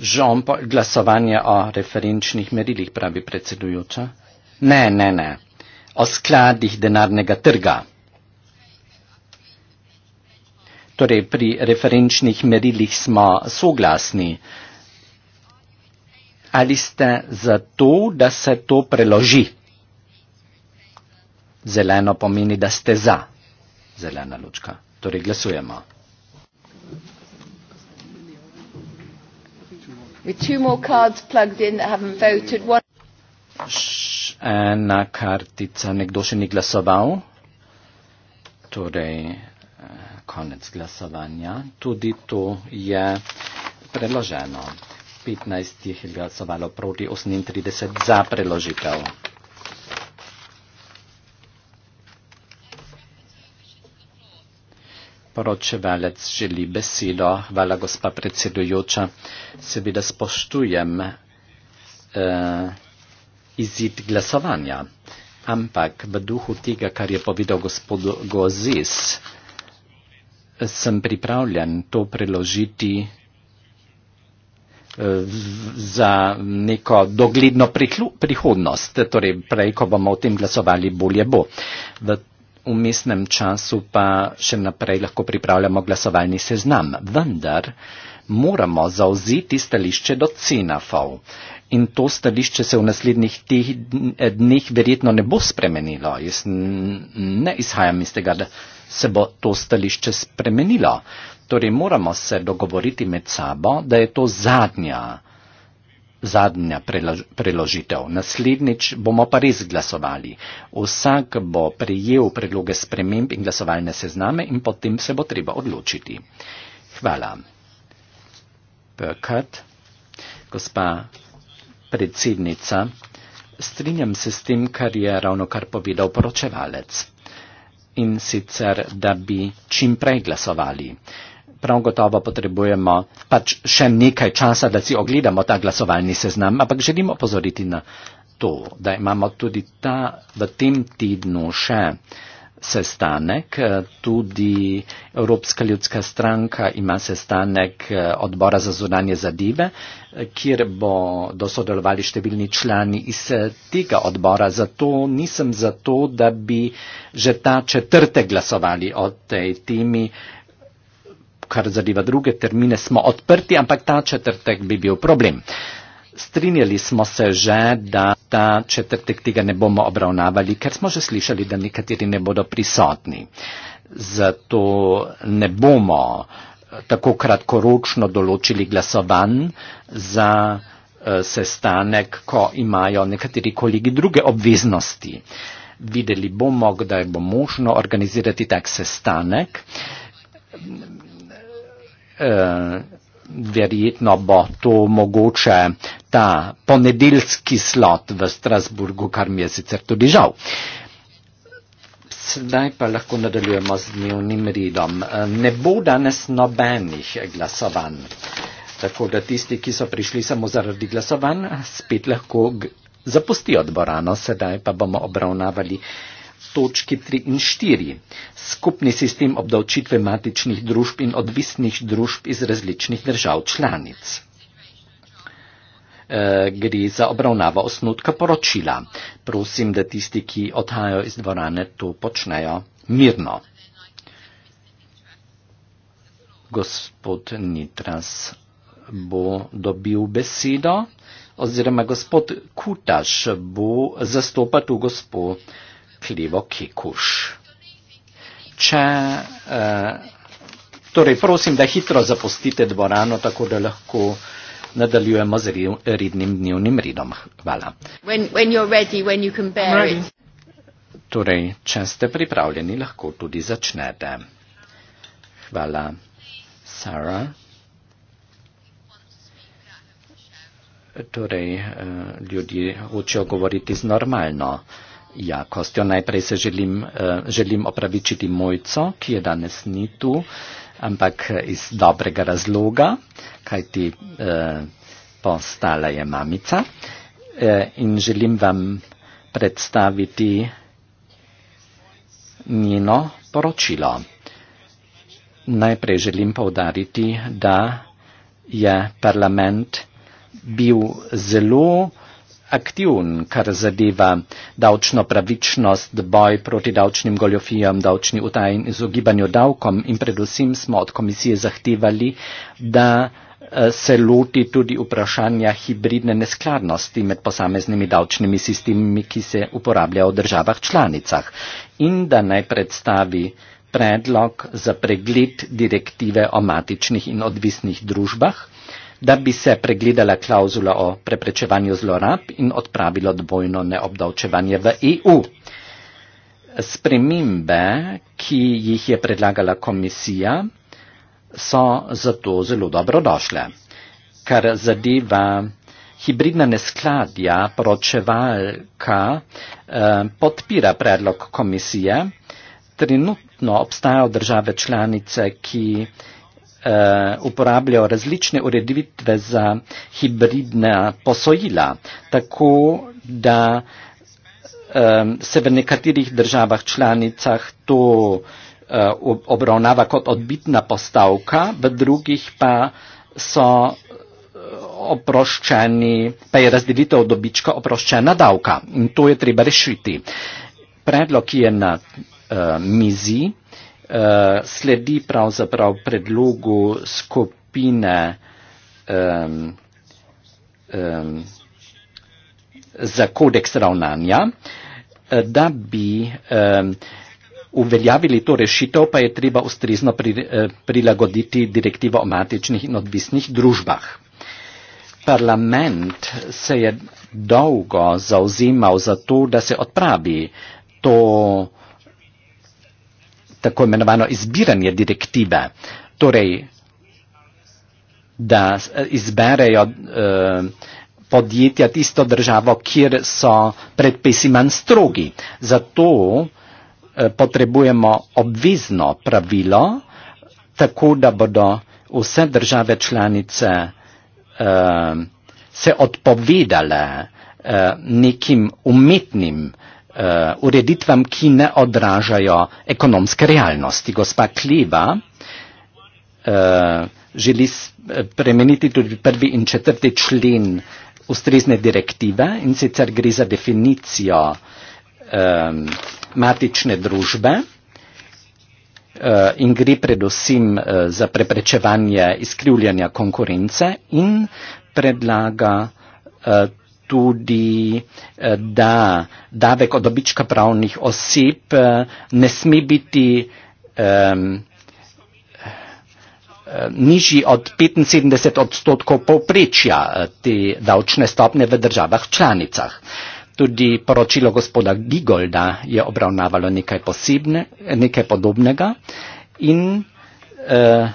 žom eh, glasovanje o referenčnih merilih, pravi predsedujoča. Ne, ne, ne. O skladih denarnega trga. Torej, pri referenčnih merilih smo soglasni ali ste za to, da se to preloži? Zeleno pomeni, da ste za. Zelena lučka. Torej glasujemo. Ena kartica, nekdo še ni glasoval. Torej, eh, konec glasovanja. Tudi to je preloženo. 15 jih je glasovalo proti 38 za preložitev. Poročevalec želi besedo. Hvala, gospa predsedujoča. Seveda spoštujem eh, izid glasovanja, ampak v duhu tega, kar je povedal gospod Gozis, sem pripravljen to preložiti Eh, za neko dogledno prihodnost, torej prej, ko bomo o tem glasovali, bolje bo. V umestnem času pa še naprej lahko pripravljamo glasovalni seznam, vendar moramo zauzeti stališče do CENAFOV. In to stališče se v naslednjih teh dneh verjetno ne bo spremenilo. Jaz ne izhajam iz tega, da se bo to stališče spremenilo. Torej moramo se dogovoriti med sabo, da je to zadnja, zadnja preložitev. Naslednjič bomo pa res glasovali. Vsak bo prejel predloge sprememb in glasovalne sezname in potem se bo treba odločiti. Hvala. Pekat, gospa predsednica, strinjam se s tem, kar je ravno kar povedal poročevalec. In sicer, da bi čim prej glasovali prav gotovo potrebujemo pač še nekaj časa, da si ogledamo ta glasovalni seznam, ampak želimo opozoriti na to, da imamo tudi ta, v tem tednu še sestanek, eh, tudi Evropska ljudska stranka ima sestanek eh, odbora za zunanje zadeve, eh, kjer bo dosodelovali številni člani iz tega odbora. Zato nisem za to, da bi že ta četrte glasovali o tej temi, kar zadeva druge termine, smo odprti, ampak ta četrtek bi bil problem. Strinjali smo se že, da ta četrtek tega ne bomo obravnavali, ker smo že slišali, da nekateri ne bodo prisotni. Zato ne bomo tako kratkoročno določili glasovanj za eh, sestanek, ko imajo nekateri kolegi druge obveznosti. Videli bomo, kdaj bo možno organizirati tak sestanek. Eh, verjetno bo to mogoče ta ponedeljski slot v Strasburgu, kar mi je sicer tudi žal. Sedaj pa lahko nadaljujemo z dnevnim redom. Eh, ne bo danes nobenih glasovanj. Tako da tisti, ki so prišli samo zaradi glasovanj, spet lahko zapustijo dvorano. Sedaj pa bomo obravnavali točki 3 in 4. Skupni sistem obdavčitve matičnih družb in odvisnih družb iz različnih držav članic. E, gre za obravnavo osnutka poročila. Prosim, da tisti, ki odhajajo iz dvorane, to počnejo mirno. Gospod Nitras bo dobil besedo, oziroma gospod Kutaš bo zastopal tu gospod kljivo kikuš. Če, eh, torej prosim, da hitro zapustite dvorano, tako da lahko nadaljujemo z ridnim dnevnim ridom. Hvala. When, when Torej, če ste pripravljeni, lahko tudi začnete. Hvala, Sara. Torej, eh, ljudje hočejo govoriti z normalno jakostjo. Najprej se želim, eh, želim opravičiti mojco, ki je danes ni tu, ampak eh, iz dobrega razloga, kaj ti eh, postala je mamica. In želim vam predstaviti njeno poročilo. Najprej želim povdariti, da je parlament bil zelo uh, aktivn, kar zadeva davčno pravičnost, boj proti davčnim goljofijam, davčni utaj in izogibanju davkom in predvsem smo od komisije zahtevali, da eh, se loti tudi vprašanja hibridne neskladnosti med posameznimi davčnimi sistemi, ki se uporabljajo v državah članicah in da naj predstavi predlog za pregled direktive o matičnih in odvisnih družbah da bi se pregledala klauzula o preprečevanju zlorab in odpravilo dvojno neobdavčevanje v EU. Spremembe, ki jih je predlagala komisija, so zato zelo dobrodošle. Kar zadeva hibridna neskladja, poročevalka eh, podpira predlog komisije. Trenutno obstajajo države članice, ki eh, Eh, uporabljajo različne ureditve za hibridna posojila, tako da se v nekaterih državah članicah to eh, obravnava kot odbitna postavka, v drugih pa so eh, oproščeni, pa je razdelitev dobička oproščena davka in to je treba rešiti. Predlog, ki je na uh, mizi, uh, uh, sledi pravzaprav predlogu skupine um, um, za kodeks ravnanja, eh, da bi um, uveljavili to rešitev, pa je treba ustrezno pri, eh, prilagoditi direktivo o matičnih in odvisnih družbah. Parlament se je dolgo zauzimal za to, da se odpravi to uh, tako imenovano izbiranje direktive, torej, da eh, izberejo eh, podjetja tisto državo, kjer so predpisi manj strogi. Zato eh, potrebujemo obvezno pravilo, tako da bodo vse države članice se odpovedale nekim umetnim državam, Eh, ureditvam, ki ne odražajo ekonomske realnosti. Gospa Kliba eh, želi eh, premeniti tudi prvi in četrti člen ustrezne direktive in sicer gre za definicijo matične družbe in gre predvsem za preprečevanje izkrivljanja konkurence in predlaga tudi, eh, da davek od dobička pravnih oseb eh, ne sme biti um, nižji od 75 odstotkov povprečja te davčne stopne v državah članicah. Tudi poročilo gospoda Gigolda je obravnavalo nekaj, posebne, nekaj podobnega in eh,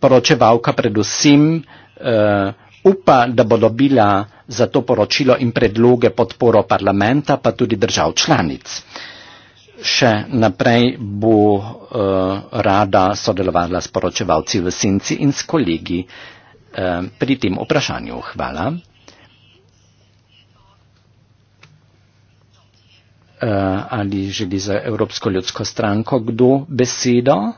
poročevalka predvsem eh, uh, upa, da bo dobila za to poročilo in predloge podporo parlamenta, pa tudi držav članic. Še naprej bo uh, rada sodelovala s poročevalci v Sinci in s kolegi uh, pri tem vprašanju. Hvala. Uh, ali želi za Evropsko ljudsko stranko kdo besedo?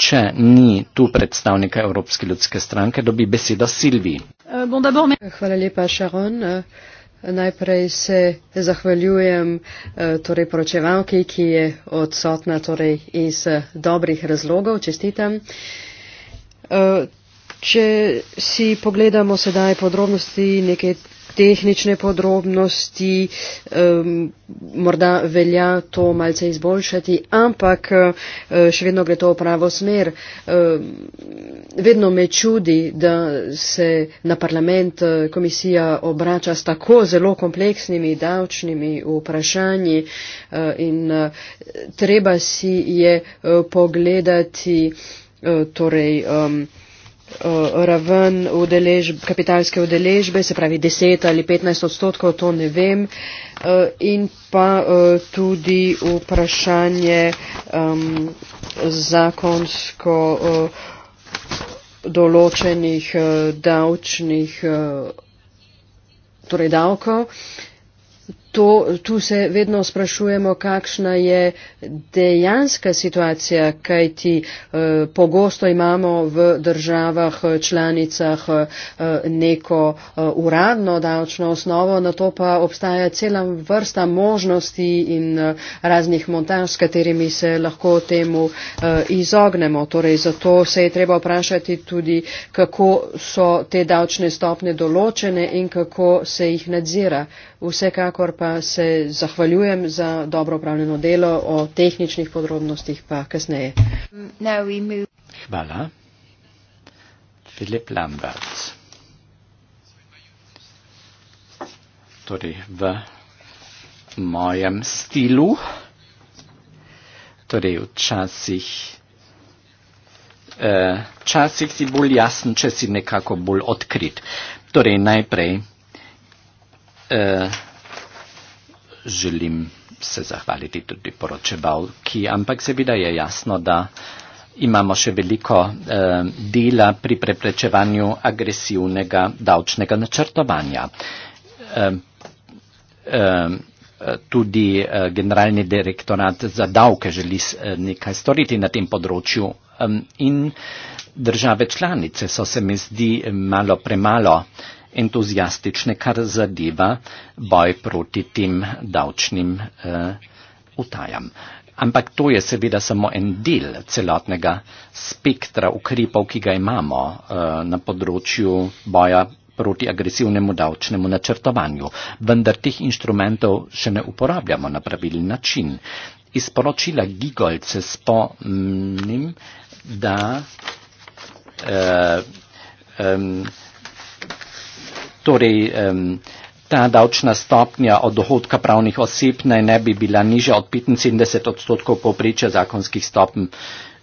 Če ni tu predstavnika Evropske ljudske stranke, dobi besedo Silvi. Eh, Hvala lepa, Sharon. Eh, najprej se zahvaljujem eh, torej, poročevalki, ki je odsotna torej, iz dobrih razlogov. Čestitam. Če si pogledamo sedaj podrobnosti nekaj tehnične podrobnosti, um, morda velja to malce izboljšati, ampak eh, še vedno gre to v pravo smer. Um, vedno me čudi, da se na parlament eh, komisija obrača s tako zelo kompleksnimi davčnimi vprašanji eh, in treba si je pogledati torej, um, Eh, raven udeležb, kapitalske udeležbe, se pravi 10 ali 15 odstotkov, to ne vem. Eh, in pa eh, tudi vprašanje um, zakonsko določenih davčnih, torej davkov. To, tu se vedno sprašujemo, kakšna je dejanska situacija, kaj ti eh, pogosto imamo v državah, eh, članicah eh, neko eh, uradno davčno osnovo, na to pa obstaja cela vrsta možnosti in eh, raznih montaž, s katerimi se lahko temu eh, izognemo. Torej, zato se je treba vprašati tudi, kako so te davčne stopne določene in kako se jih nadzira. Vsekakor pa se zahvaljujem za dobro upravljeno delo, o tehničnih podrobnostih pa kasneje. Hvala. Filip Lambert. Torej v mojem stilu, torej včasih. Eh, včasih si bolj jasen, če si nekako bolj odkrit. Torej najprej. Eh, želim se zahvaliti tudi poročevalki, ampak seveda je jasno, da imamo še veliko eh, dela pri preprečevanju agresivnega davčnega načrtovanja. Eh, eh, Tudi eh, generalni direktorat za davke želi eh, nekaj storiti na tem področju eh, in države članice so se mi zdi malo premalo eh, entuzijastične, kar zadeva boj proti tem davčnim uh, utajam. Ampak to je seveda samo en del celotnega spektra ukrepov, ki ga imamo uh, na področju boja proti agresivnemu davčnemu načrtovanju. Vendar teh inštrumentov še ne uporabljamo na pravilni način. Iz poročila Gigolce spomnim, da. Uh, um, Torej, um, ta davčna stopnja od dohodka pravnih oseb naj ne bi bila niža od 75 odstotkov povprečja zakonskih stopenj uh,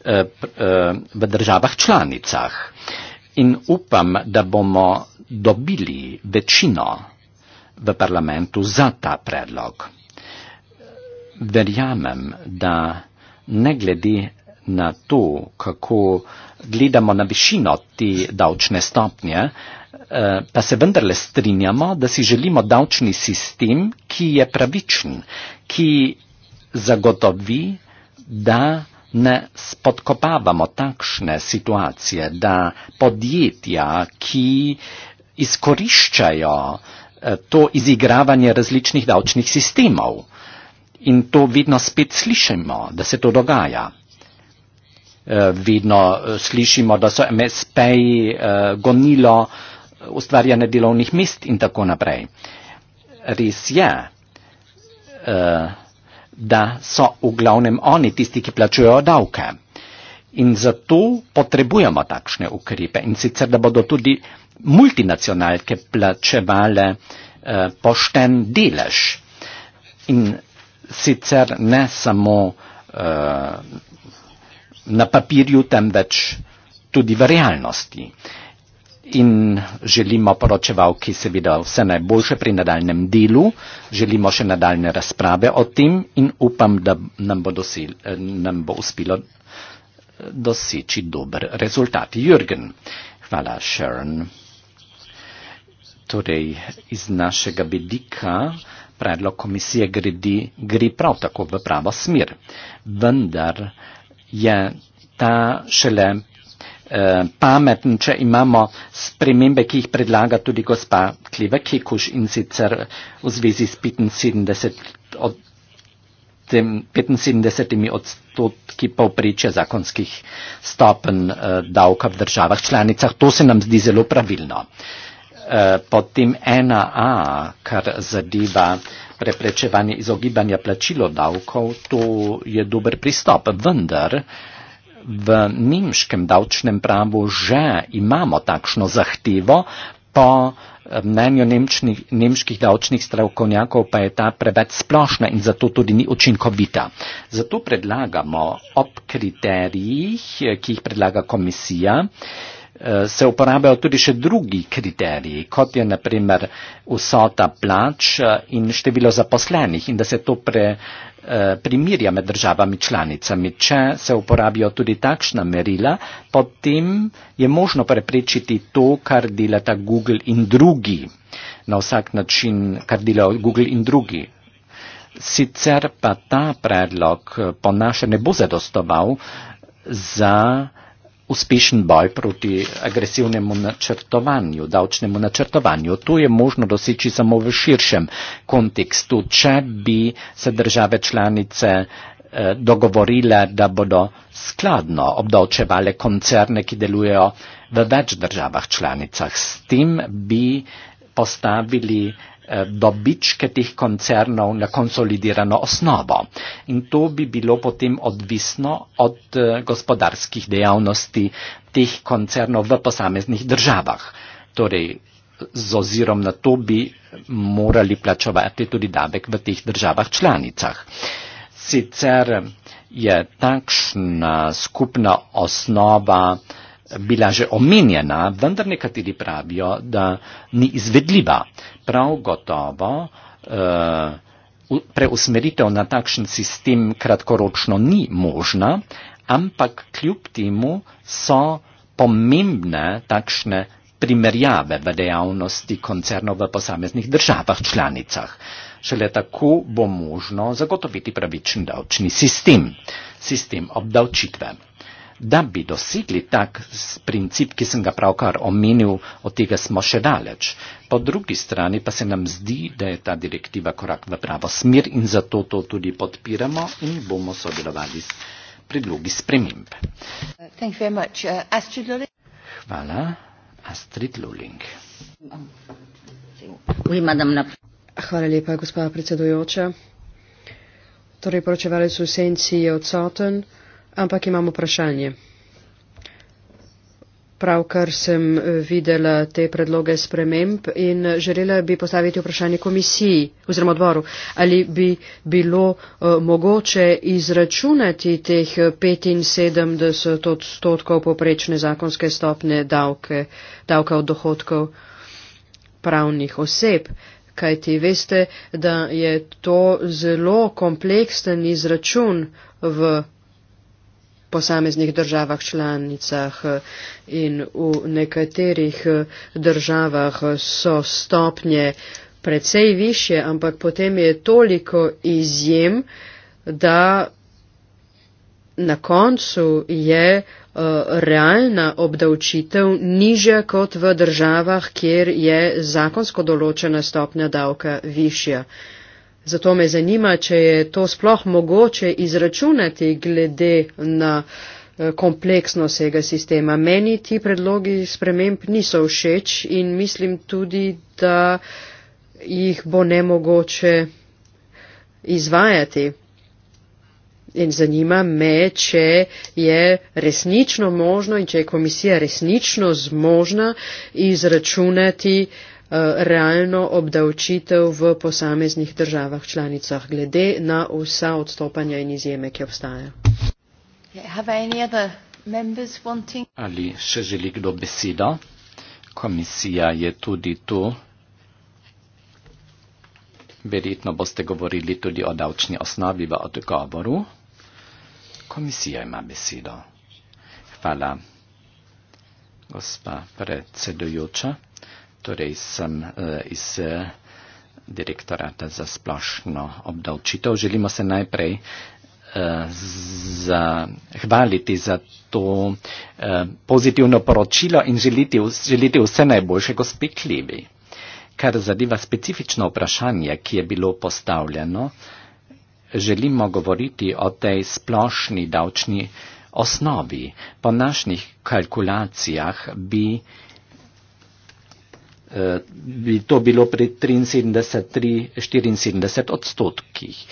uh, v državah članicah. In upam, da bomo dobili večino v parlamentu za ta predlog. Verjamem, da ne glede na to, kako gledamo na višino te davčne stopnje, eh, pa se vendarle strinjamo, da si želimo davčni sistem, ki je pravičen, ki zagotovi, da ne spodkopavamo takšne situacije, da podjetja, ki izkoriščajo eh, to izigravanje različnih davčnih sistemov, In to vedno spet slišimo, da se to dogaja. Eh, vedno eh, slišimo, da so MSP-ji eh, gonilo ustvarjanje delovnih mest in tako naprej. Res je, da so v glavnem oni tisti, ki plačujejo davke. In zato potrebujemo takšne ukrepe in sicer, da bodo tudi multinacionalke plačevale pošten delež. In sicer ne samo na papirju, temveč tudi v realnosti. In želimo poročevalki seveda vse najboljše pri nadaljnem delu, želimo še nadaljne razprave o tem in upam, da nam bo, dosil, nam bo uspelo eh, doseči dober rezultat. Jürgen, hvala Sharon. Torej, iz našega vidika predlog komisije gre prav tako v pravo smer, vendar je ta šele eh, pameten, če imamo spremembe, ki jih predlaga tudi gospa Kliva Kekuš in sicer v zvezi s 75, od, tem, 75 odstotki povprečja zakonskih stopen eh, davka v državah članicah. To se nam zdi zelo pravilno. Uh, Eh, pod tem 1A, kar zadeva preprečevanje izogibanja plačilo davkov, to je dober pristop. Vendar v nemškem davčnem pravu že imamo takšno zahtevo, po eh, mnenju nemških davčnih strokovnjakov pa je ta preveč splošna in zato tudi ni učinkovita. Zato predlagamo ob kriterijih, eh, ki jih predlaga komisija, Eh, se uporabljajo tudi še drugi kriteriji, kot je naprimer vsota plač eh, in število zaposlenih in da se to pre, eh, primirja med državami članicami. Če se uporabijo tudi takšna merila, potem je možno preprečiti to, kar delata Google in drugi, na vsak način, kar delajo Google in drugi. Sicer pa ta predlog po naše ne bo zadostoval za uspešen boj proti agresivnemu načrtovanju, davčnemu načrtovanju. To je možno doseči samo v širšem kontekstu, če bi se države članice eh, dogovorile, da bodo skladno obdavčevale koncerne, ki delujejo v več državah članicah. S tem bi postavili Eh, dobičke teh koncernov na konsolidirano osnovo. In to bi bilo potem odvisno od eh, gospodarskih dejavnosti teh koncernov v posameznih državah. Torej, z ozirom na to bi morali plačovati tudi davek v teh državah članicah. Sicer je takšna skupna osnova uh, bila že omenjena, vendar nekateri pravijo, da ni izvedljiva. Prav gotovo eh, preusmeritev na takšen sistem kratkoročno ni možna, ampak kljub temu so pomembne takšne primerjave v dejavnosti koncernov v posameznih državah članicah. Šele tako bo možno zagotoviti pravičen davčni sistem, sistem obdavčitve da bi dosegli tak princip, ki sem ga pravkar omenil, od tega smo še daleč. Po drugi strani pa se nam zdi, da je ta direktiva korak v pravo smer in zato to tudi podpiramo in bomo sodelovali s predlogi sprememb. Uh, Hvala. Astrid Luling. Hvala lepa, gospod predsedujoča. Torej, poročevalec v senci je odsoten. Ampak imam vprašanje. Pravkar sem eh, videla te predloge sprememb in eh, želela bi postaviti vprašanje komisiji oziroma odboru, ali bi bilo uh, mogoče izračunati teh 75 odstotkov poprečne zakonske stopne davke, davka od dohodkov pravnih oseb. Kaj ti veste, da je to zelo kompleksen izračun v posameznih državah članicah eh, in v nekaterih eh, državah eh, so stopnje precej više, ampak potem je toliko izjem, da na koncu je realna obdavčitev nižja kot v državah, kjer je zakonsko določena stopnja davka višja. Zato me zanima, če je to sploh mogoče izračunati glede na eh, kompleksno vsega sistema. Meni ti predlogi sprememb niso všeč in mislim tudi, da jih bo nemogoče izvajati. In zanima me, če je resnično možno in če je komisija resnično zmožna izračunati uh, Eh, realno obdavčitev v posameznih državah članicah glede na vsa odstopanja in izjeme, ki obstajajo. Ali še želi kdo besedo? Komisija je tudi tu. Verjetno boste govorili tudi o davčni osnovi v odgovoru. Komisija ima besedo. Hvala, gospa predsedujoča torej sem uh, iz eh, direktorata za splošno obdavčitev. Želimo se najprej eh, zahvaliti za to pozitivno poročilo in želiti, želiti vse najboljše gospe Klebi. Kar zadeva specifično vprašanje, ki je bilo postavljeno, želimo govoriti o tej splošni davčni osnovi. Po našnih kalkulacijah bi Eh, bi to bilo pri 73-74 odstotkih.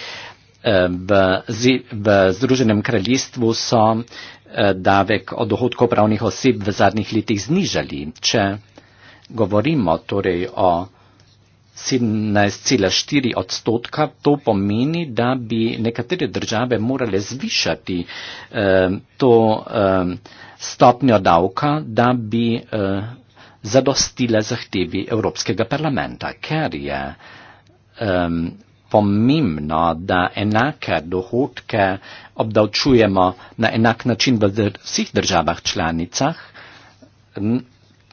Eh, v, v Združenem kraljestvu so eh, davek od dohodkov pravnih oseb v zadnjih letih znižali. Če govorimo torej o 17,4 odstotka, to pomeni, da bi nekatere države morale zvišati eh, to eh, stopnjo davka, da bi eh, zadostile zahtevi Evropskega parlamenta, ker je um, pomembno, da enake dohodke obdavčujemo na enak način v vseh državah članicah.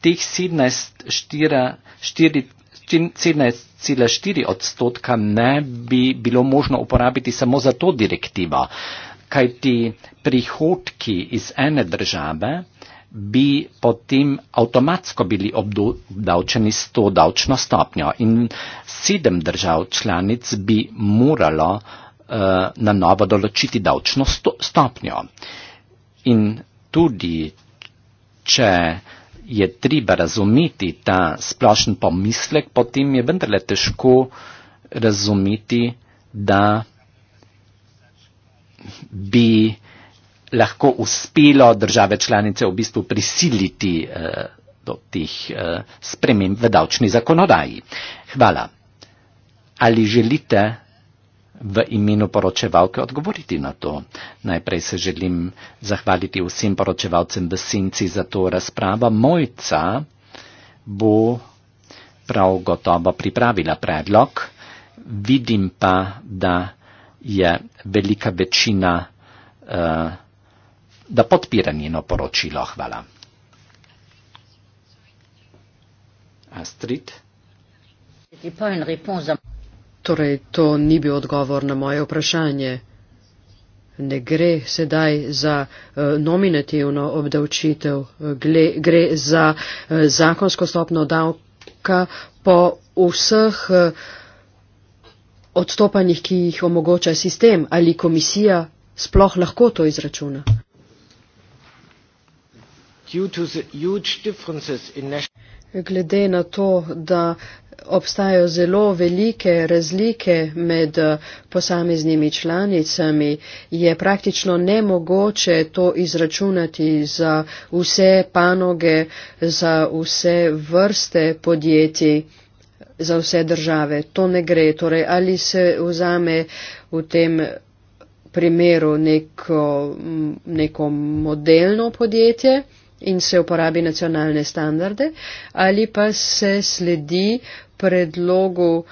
Teh 17,4 odstotka ne bi bilo možno uporabiti samo za to direktivo, kajti prihodki iz ene države, bi potem avtomatsko bili obdavčeni s to davčno stopnjo in sedem držav članic bi moralo uh, na novo določiti davčno stopnjo. In tudi, če je treba razumeti ta splošen pomislek, potem je vendarle težko razumeti, da bi lahko uspelo države članice v bistvu prisiliti eh, do teh eh, sprememb v davčni zakonodaji. Hvala. Ali želite v imenu poročevalke odgovoriti na to? Najprej se želim zahvaliti vsem poročevalcem v Senci za to razpravo. Mojca bo prav gotovo pripravila predlog. Vidim pa, da je velika večina eh, da podpira njeno poročilo. Hvala. Astrid. Torej, to ni bil odgovor na moje vprašanje. Ne gre sedaj za eh, nominativno obdavčitev, eh, gre za eh, zakonsko stopno davka po vseh odstopanjih, ki jih omogoča sistem ali komisija sploh lahko to izračuna. Glede na to, da obstajajo zelo velike razlike med eh, posameznimi članicami, je praktično nemogoče to izračunati za vse panoge, za vse vrste podjetij, za vse države. To ne gre. Torej, ali se vzame v tem primeru neko, neko modelno podjetje? in se uporabi nacionalne standarde, ali pa se sledi predlogu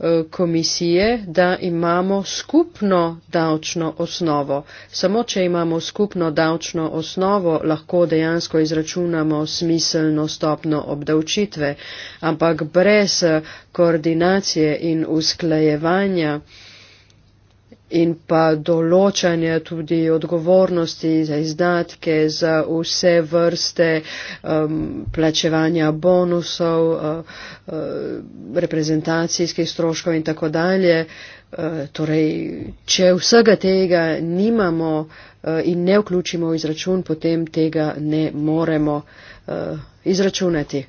eh, komisije, da imamo skupno davčno osnovo. Samo, če imamo skupno davčno osnovo, lahko dejansko izračunamo smiselno stopno obdavčitve, ampak brez eh, koordinacije in usklajevanja in pa določanje tudi odgovornosti za izdatke, za vse vrste um, plačevanja bonusov, uh, uh, reprezentacijskih stroškov in tako dalje. Uh, torej, če vsega tega nimamo uh, in ne vključimo v izračun, potem tega ne moremo uh, izračunati.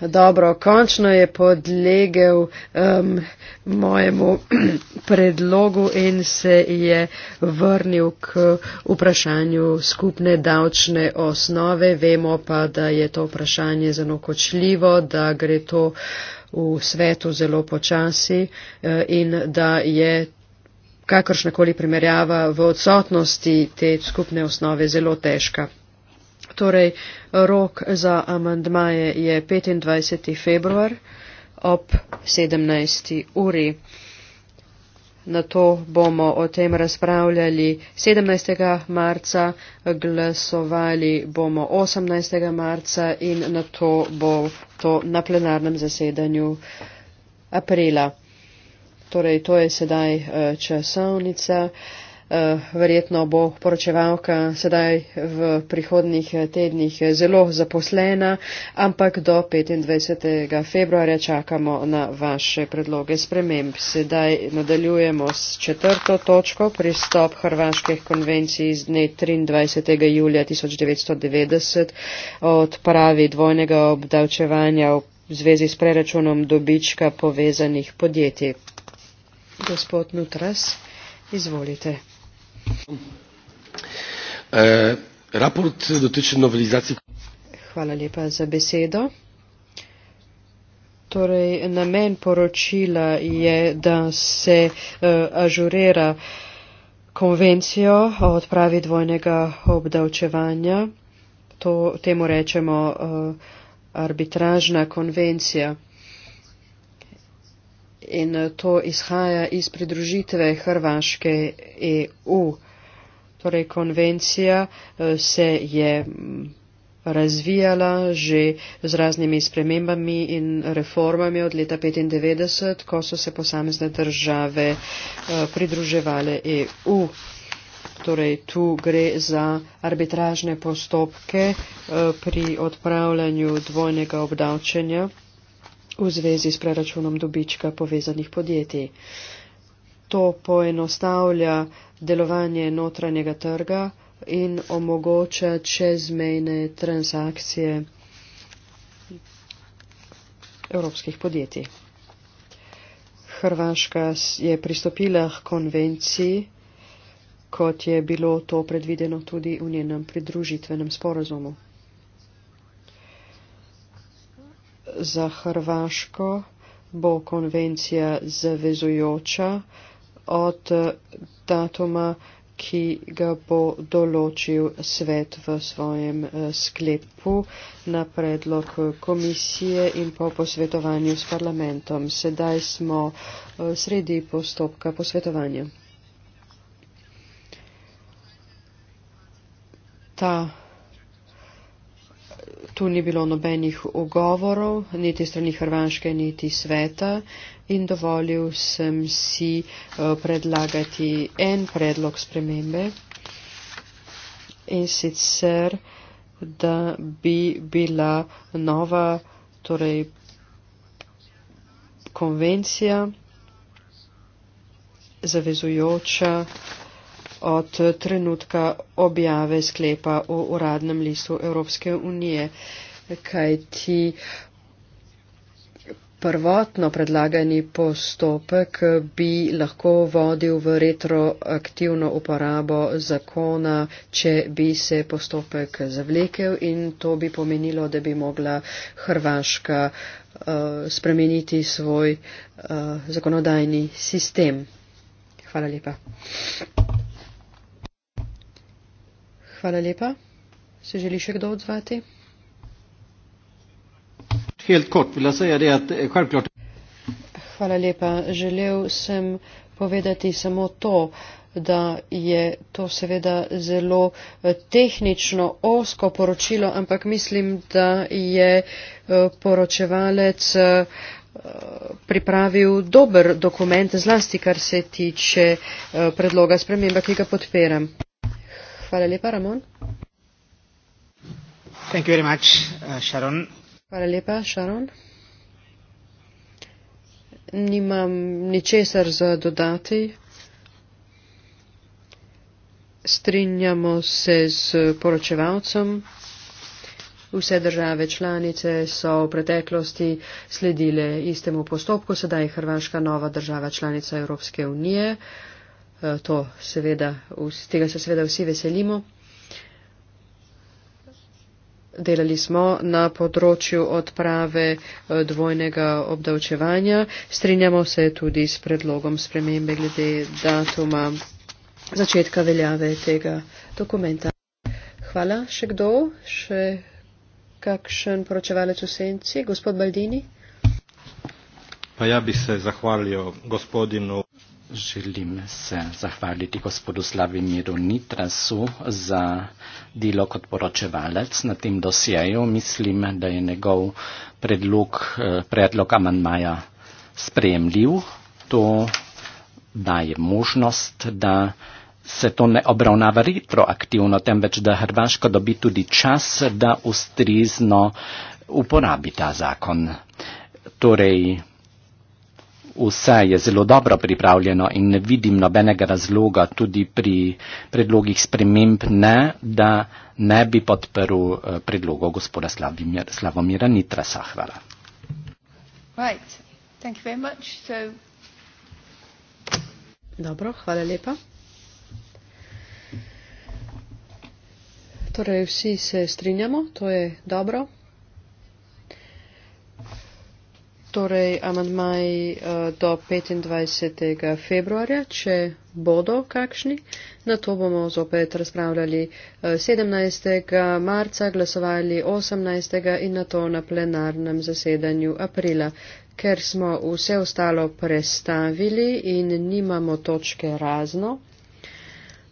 Dobro, končno je podlegel um, mojemu predlogu in se je vrnil k vprašanju skupne davčne osnove. Vemo pa, da je to vprašanje zelo kočljivo, da gre to v svetu zelo počasi e, in da je kakršnakoli primerjava v odsotnosti te skupne osnove zelo težka torej rok za amandmaje je 25. februar ob 17. uri. Na to bomo o tem razpravljali 17. marca, glasovali bomo 18. marca in na to bo to na plenarnem zasedanju aprila. Torej, to je sedaj eh, časovnica. Eh, verjetno bo poročevalka sedaj v prihodnih eh, tednih eh, zelo zaposlena, ampak do 25. februarja čakamo na vaše predloge sprememb. Sedaj nadaljujemo s četrto točko, pristop Hrvaških konvencij iz dne 23. julija 1990 od pravi dvojnega obdavčevanja v zvezi s preračunom dobička povezanih podjetij. Gospod Nutras, izvolite. E, Hvala lepa za besedo. Torej, namen poročila je, da se uh, ažurira konvencijo o odpravi dvojnega obdavčevanja. To, temu rečemo uh, arbitražna konvencija in eh, to izhaja iz pridružitve Hrvaške EU. Torej, konvencija eh, se je mm, razvijala že z raznimi spremembami in reformami od leta 1995, ko so se posamezne države eh, pridruževale EU. Torej, tu gre za arbitražne postopke pri odpravljanju dvojnega obdavčenja v zvezi s preračunom dobička povezanih podjetij. To poenostavlja delovanje notranjega trga in omogoča čezmejne transakcije evropskih podjetij. Hrvaška je pristopila k konvenciji, kot je bilo to predvideno tudi v njenem pridružitvenem sporazumu. za Hrvaško bo konvencija zavezujoča od eh, datuma, ki ga bo določil svet v svojem eh, sklepu na predlog eh, komisije in po posvetovanju s parlamentom. Sedaj smo sredi postopka posvetovanja. Ta tu ni bilo nobenih ugovorov, niti strani Hrvaške, niti sveta in dovolil sem si eh, predlagati en predlog spremembe in sicer, da bi bila nova, torej konvencija zavezujoča od trenutka objave sklepa v uradnem listu Evropske unije, kajti prvotno predlagani postopek bi lahko vodil v retroaktivno uporabo zakona, če bi se postopek zavlekel in to bi pomenilo, da bi mogla Hrvaška eh, spremeniti svoj uh, zakonodajni sistem. Hvala lepa. Hvala lepa. Se želi še kdo odzvati? Er eh, Hvala lepa. Želel sem povedati samo to, da je to seveda zelo eh, tehnično osko poročilo, ampak mislim, da je eh, poročevalec pripravil dober dokument, zlasti kar se tiče predloga spremembe, ki ga podpiram. Hvala lepa, Ramon. Thank you very much, uh, Sharon. Hvala lepa, Sharon. Nimam ničesar za dodati. Strinjamo se z poročevalcem. Vse države članice so v preteklosti sledile istemu postopku, sedaj je Hrvaška nova država članica Evropske unije. Uh, Eh, to seveda, tega se seveda vsi veselimo. Delali smo na področju odprave eh, dvojnega obdavčevanja. Strinjamo se tudi s predlogom spremembe glede datuma začetka veljave tega dokumenta. Hvala. Še kdo? Še kakšen poročevalec v senci? Gospod Baldini? Pa ja bi se zahvalil gospodinu. Želim se zahvaliti gospodu Slavimiru Nitrasu za delo kot poročevalec na tem dosjeju. Mislim, da je njegov predlog, eh, predlog amanmaja sprejemljiv. To daje možnost, da se to ne obravnava retroaktivno, temveč da Hrvaško dobi tudi čas, da ustrezno uporabi ta zakon. Torej, vse je zelo dobro pripravljeno in ne vidim nobenega razloga tudi pri predlogih sprememb ne, da ne bi podprl eh, predlogo gospoda Slavomira Nitrasa. Hvala. Right. Thank you very much. So... Dobro, hvala lepa. Torej, vsi se strinjamo, to je dobro. Torej, amantmaji uh, eh, do 25. februarja, če bodo kakšni, na to bomo zopet razpravljali uh, eh, 17. marca, glasovali 18. in na to na plenarnem zasedanju aprila. Ker smo vse ostalo prestavili in nimamo točke razno,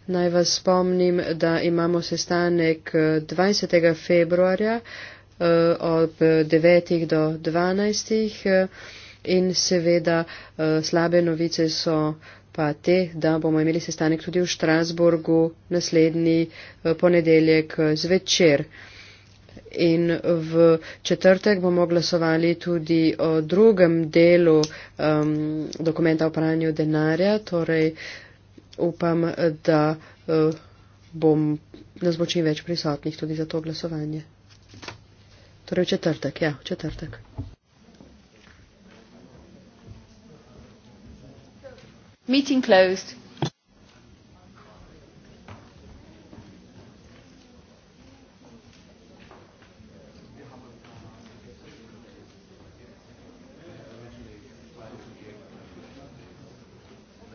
naj vas spomnim, da imamo sestanek 20. Eh, februarja. Uh, Eh, ob devetih do dvanajstih eh, in seveda eh, slabe novice so pa te, da bomo imeli sestanek tudi v Štrasburgu naslednji ponedeljek zvečer. In v četrtek bomo glasovali tudi o drugem delu um, dokumenta o pranju denarja, torej upam, da uh, bom, nas bo čim več prisotnih tudi za to glasovanje. Torej v četrtek, ja, v četrtek. Meeting closed.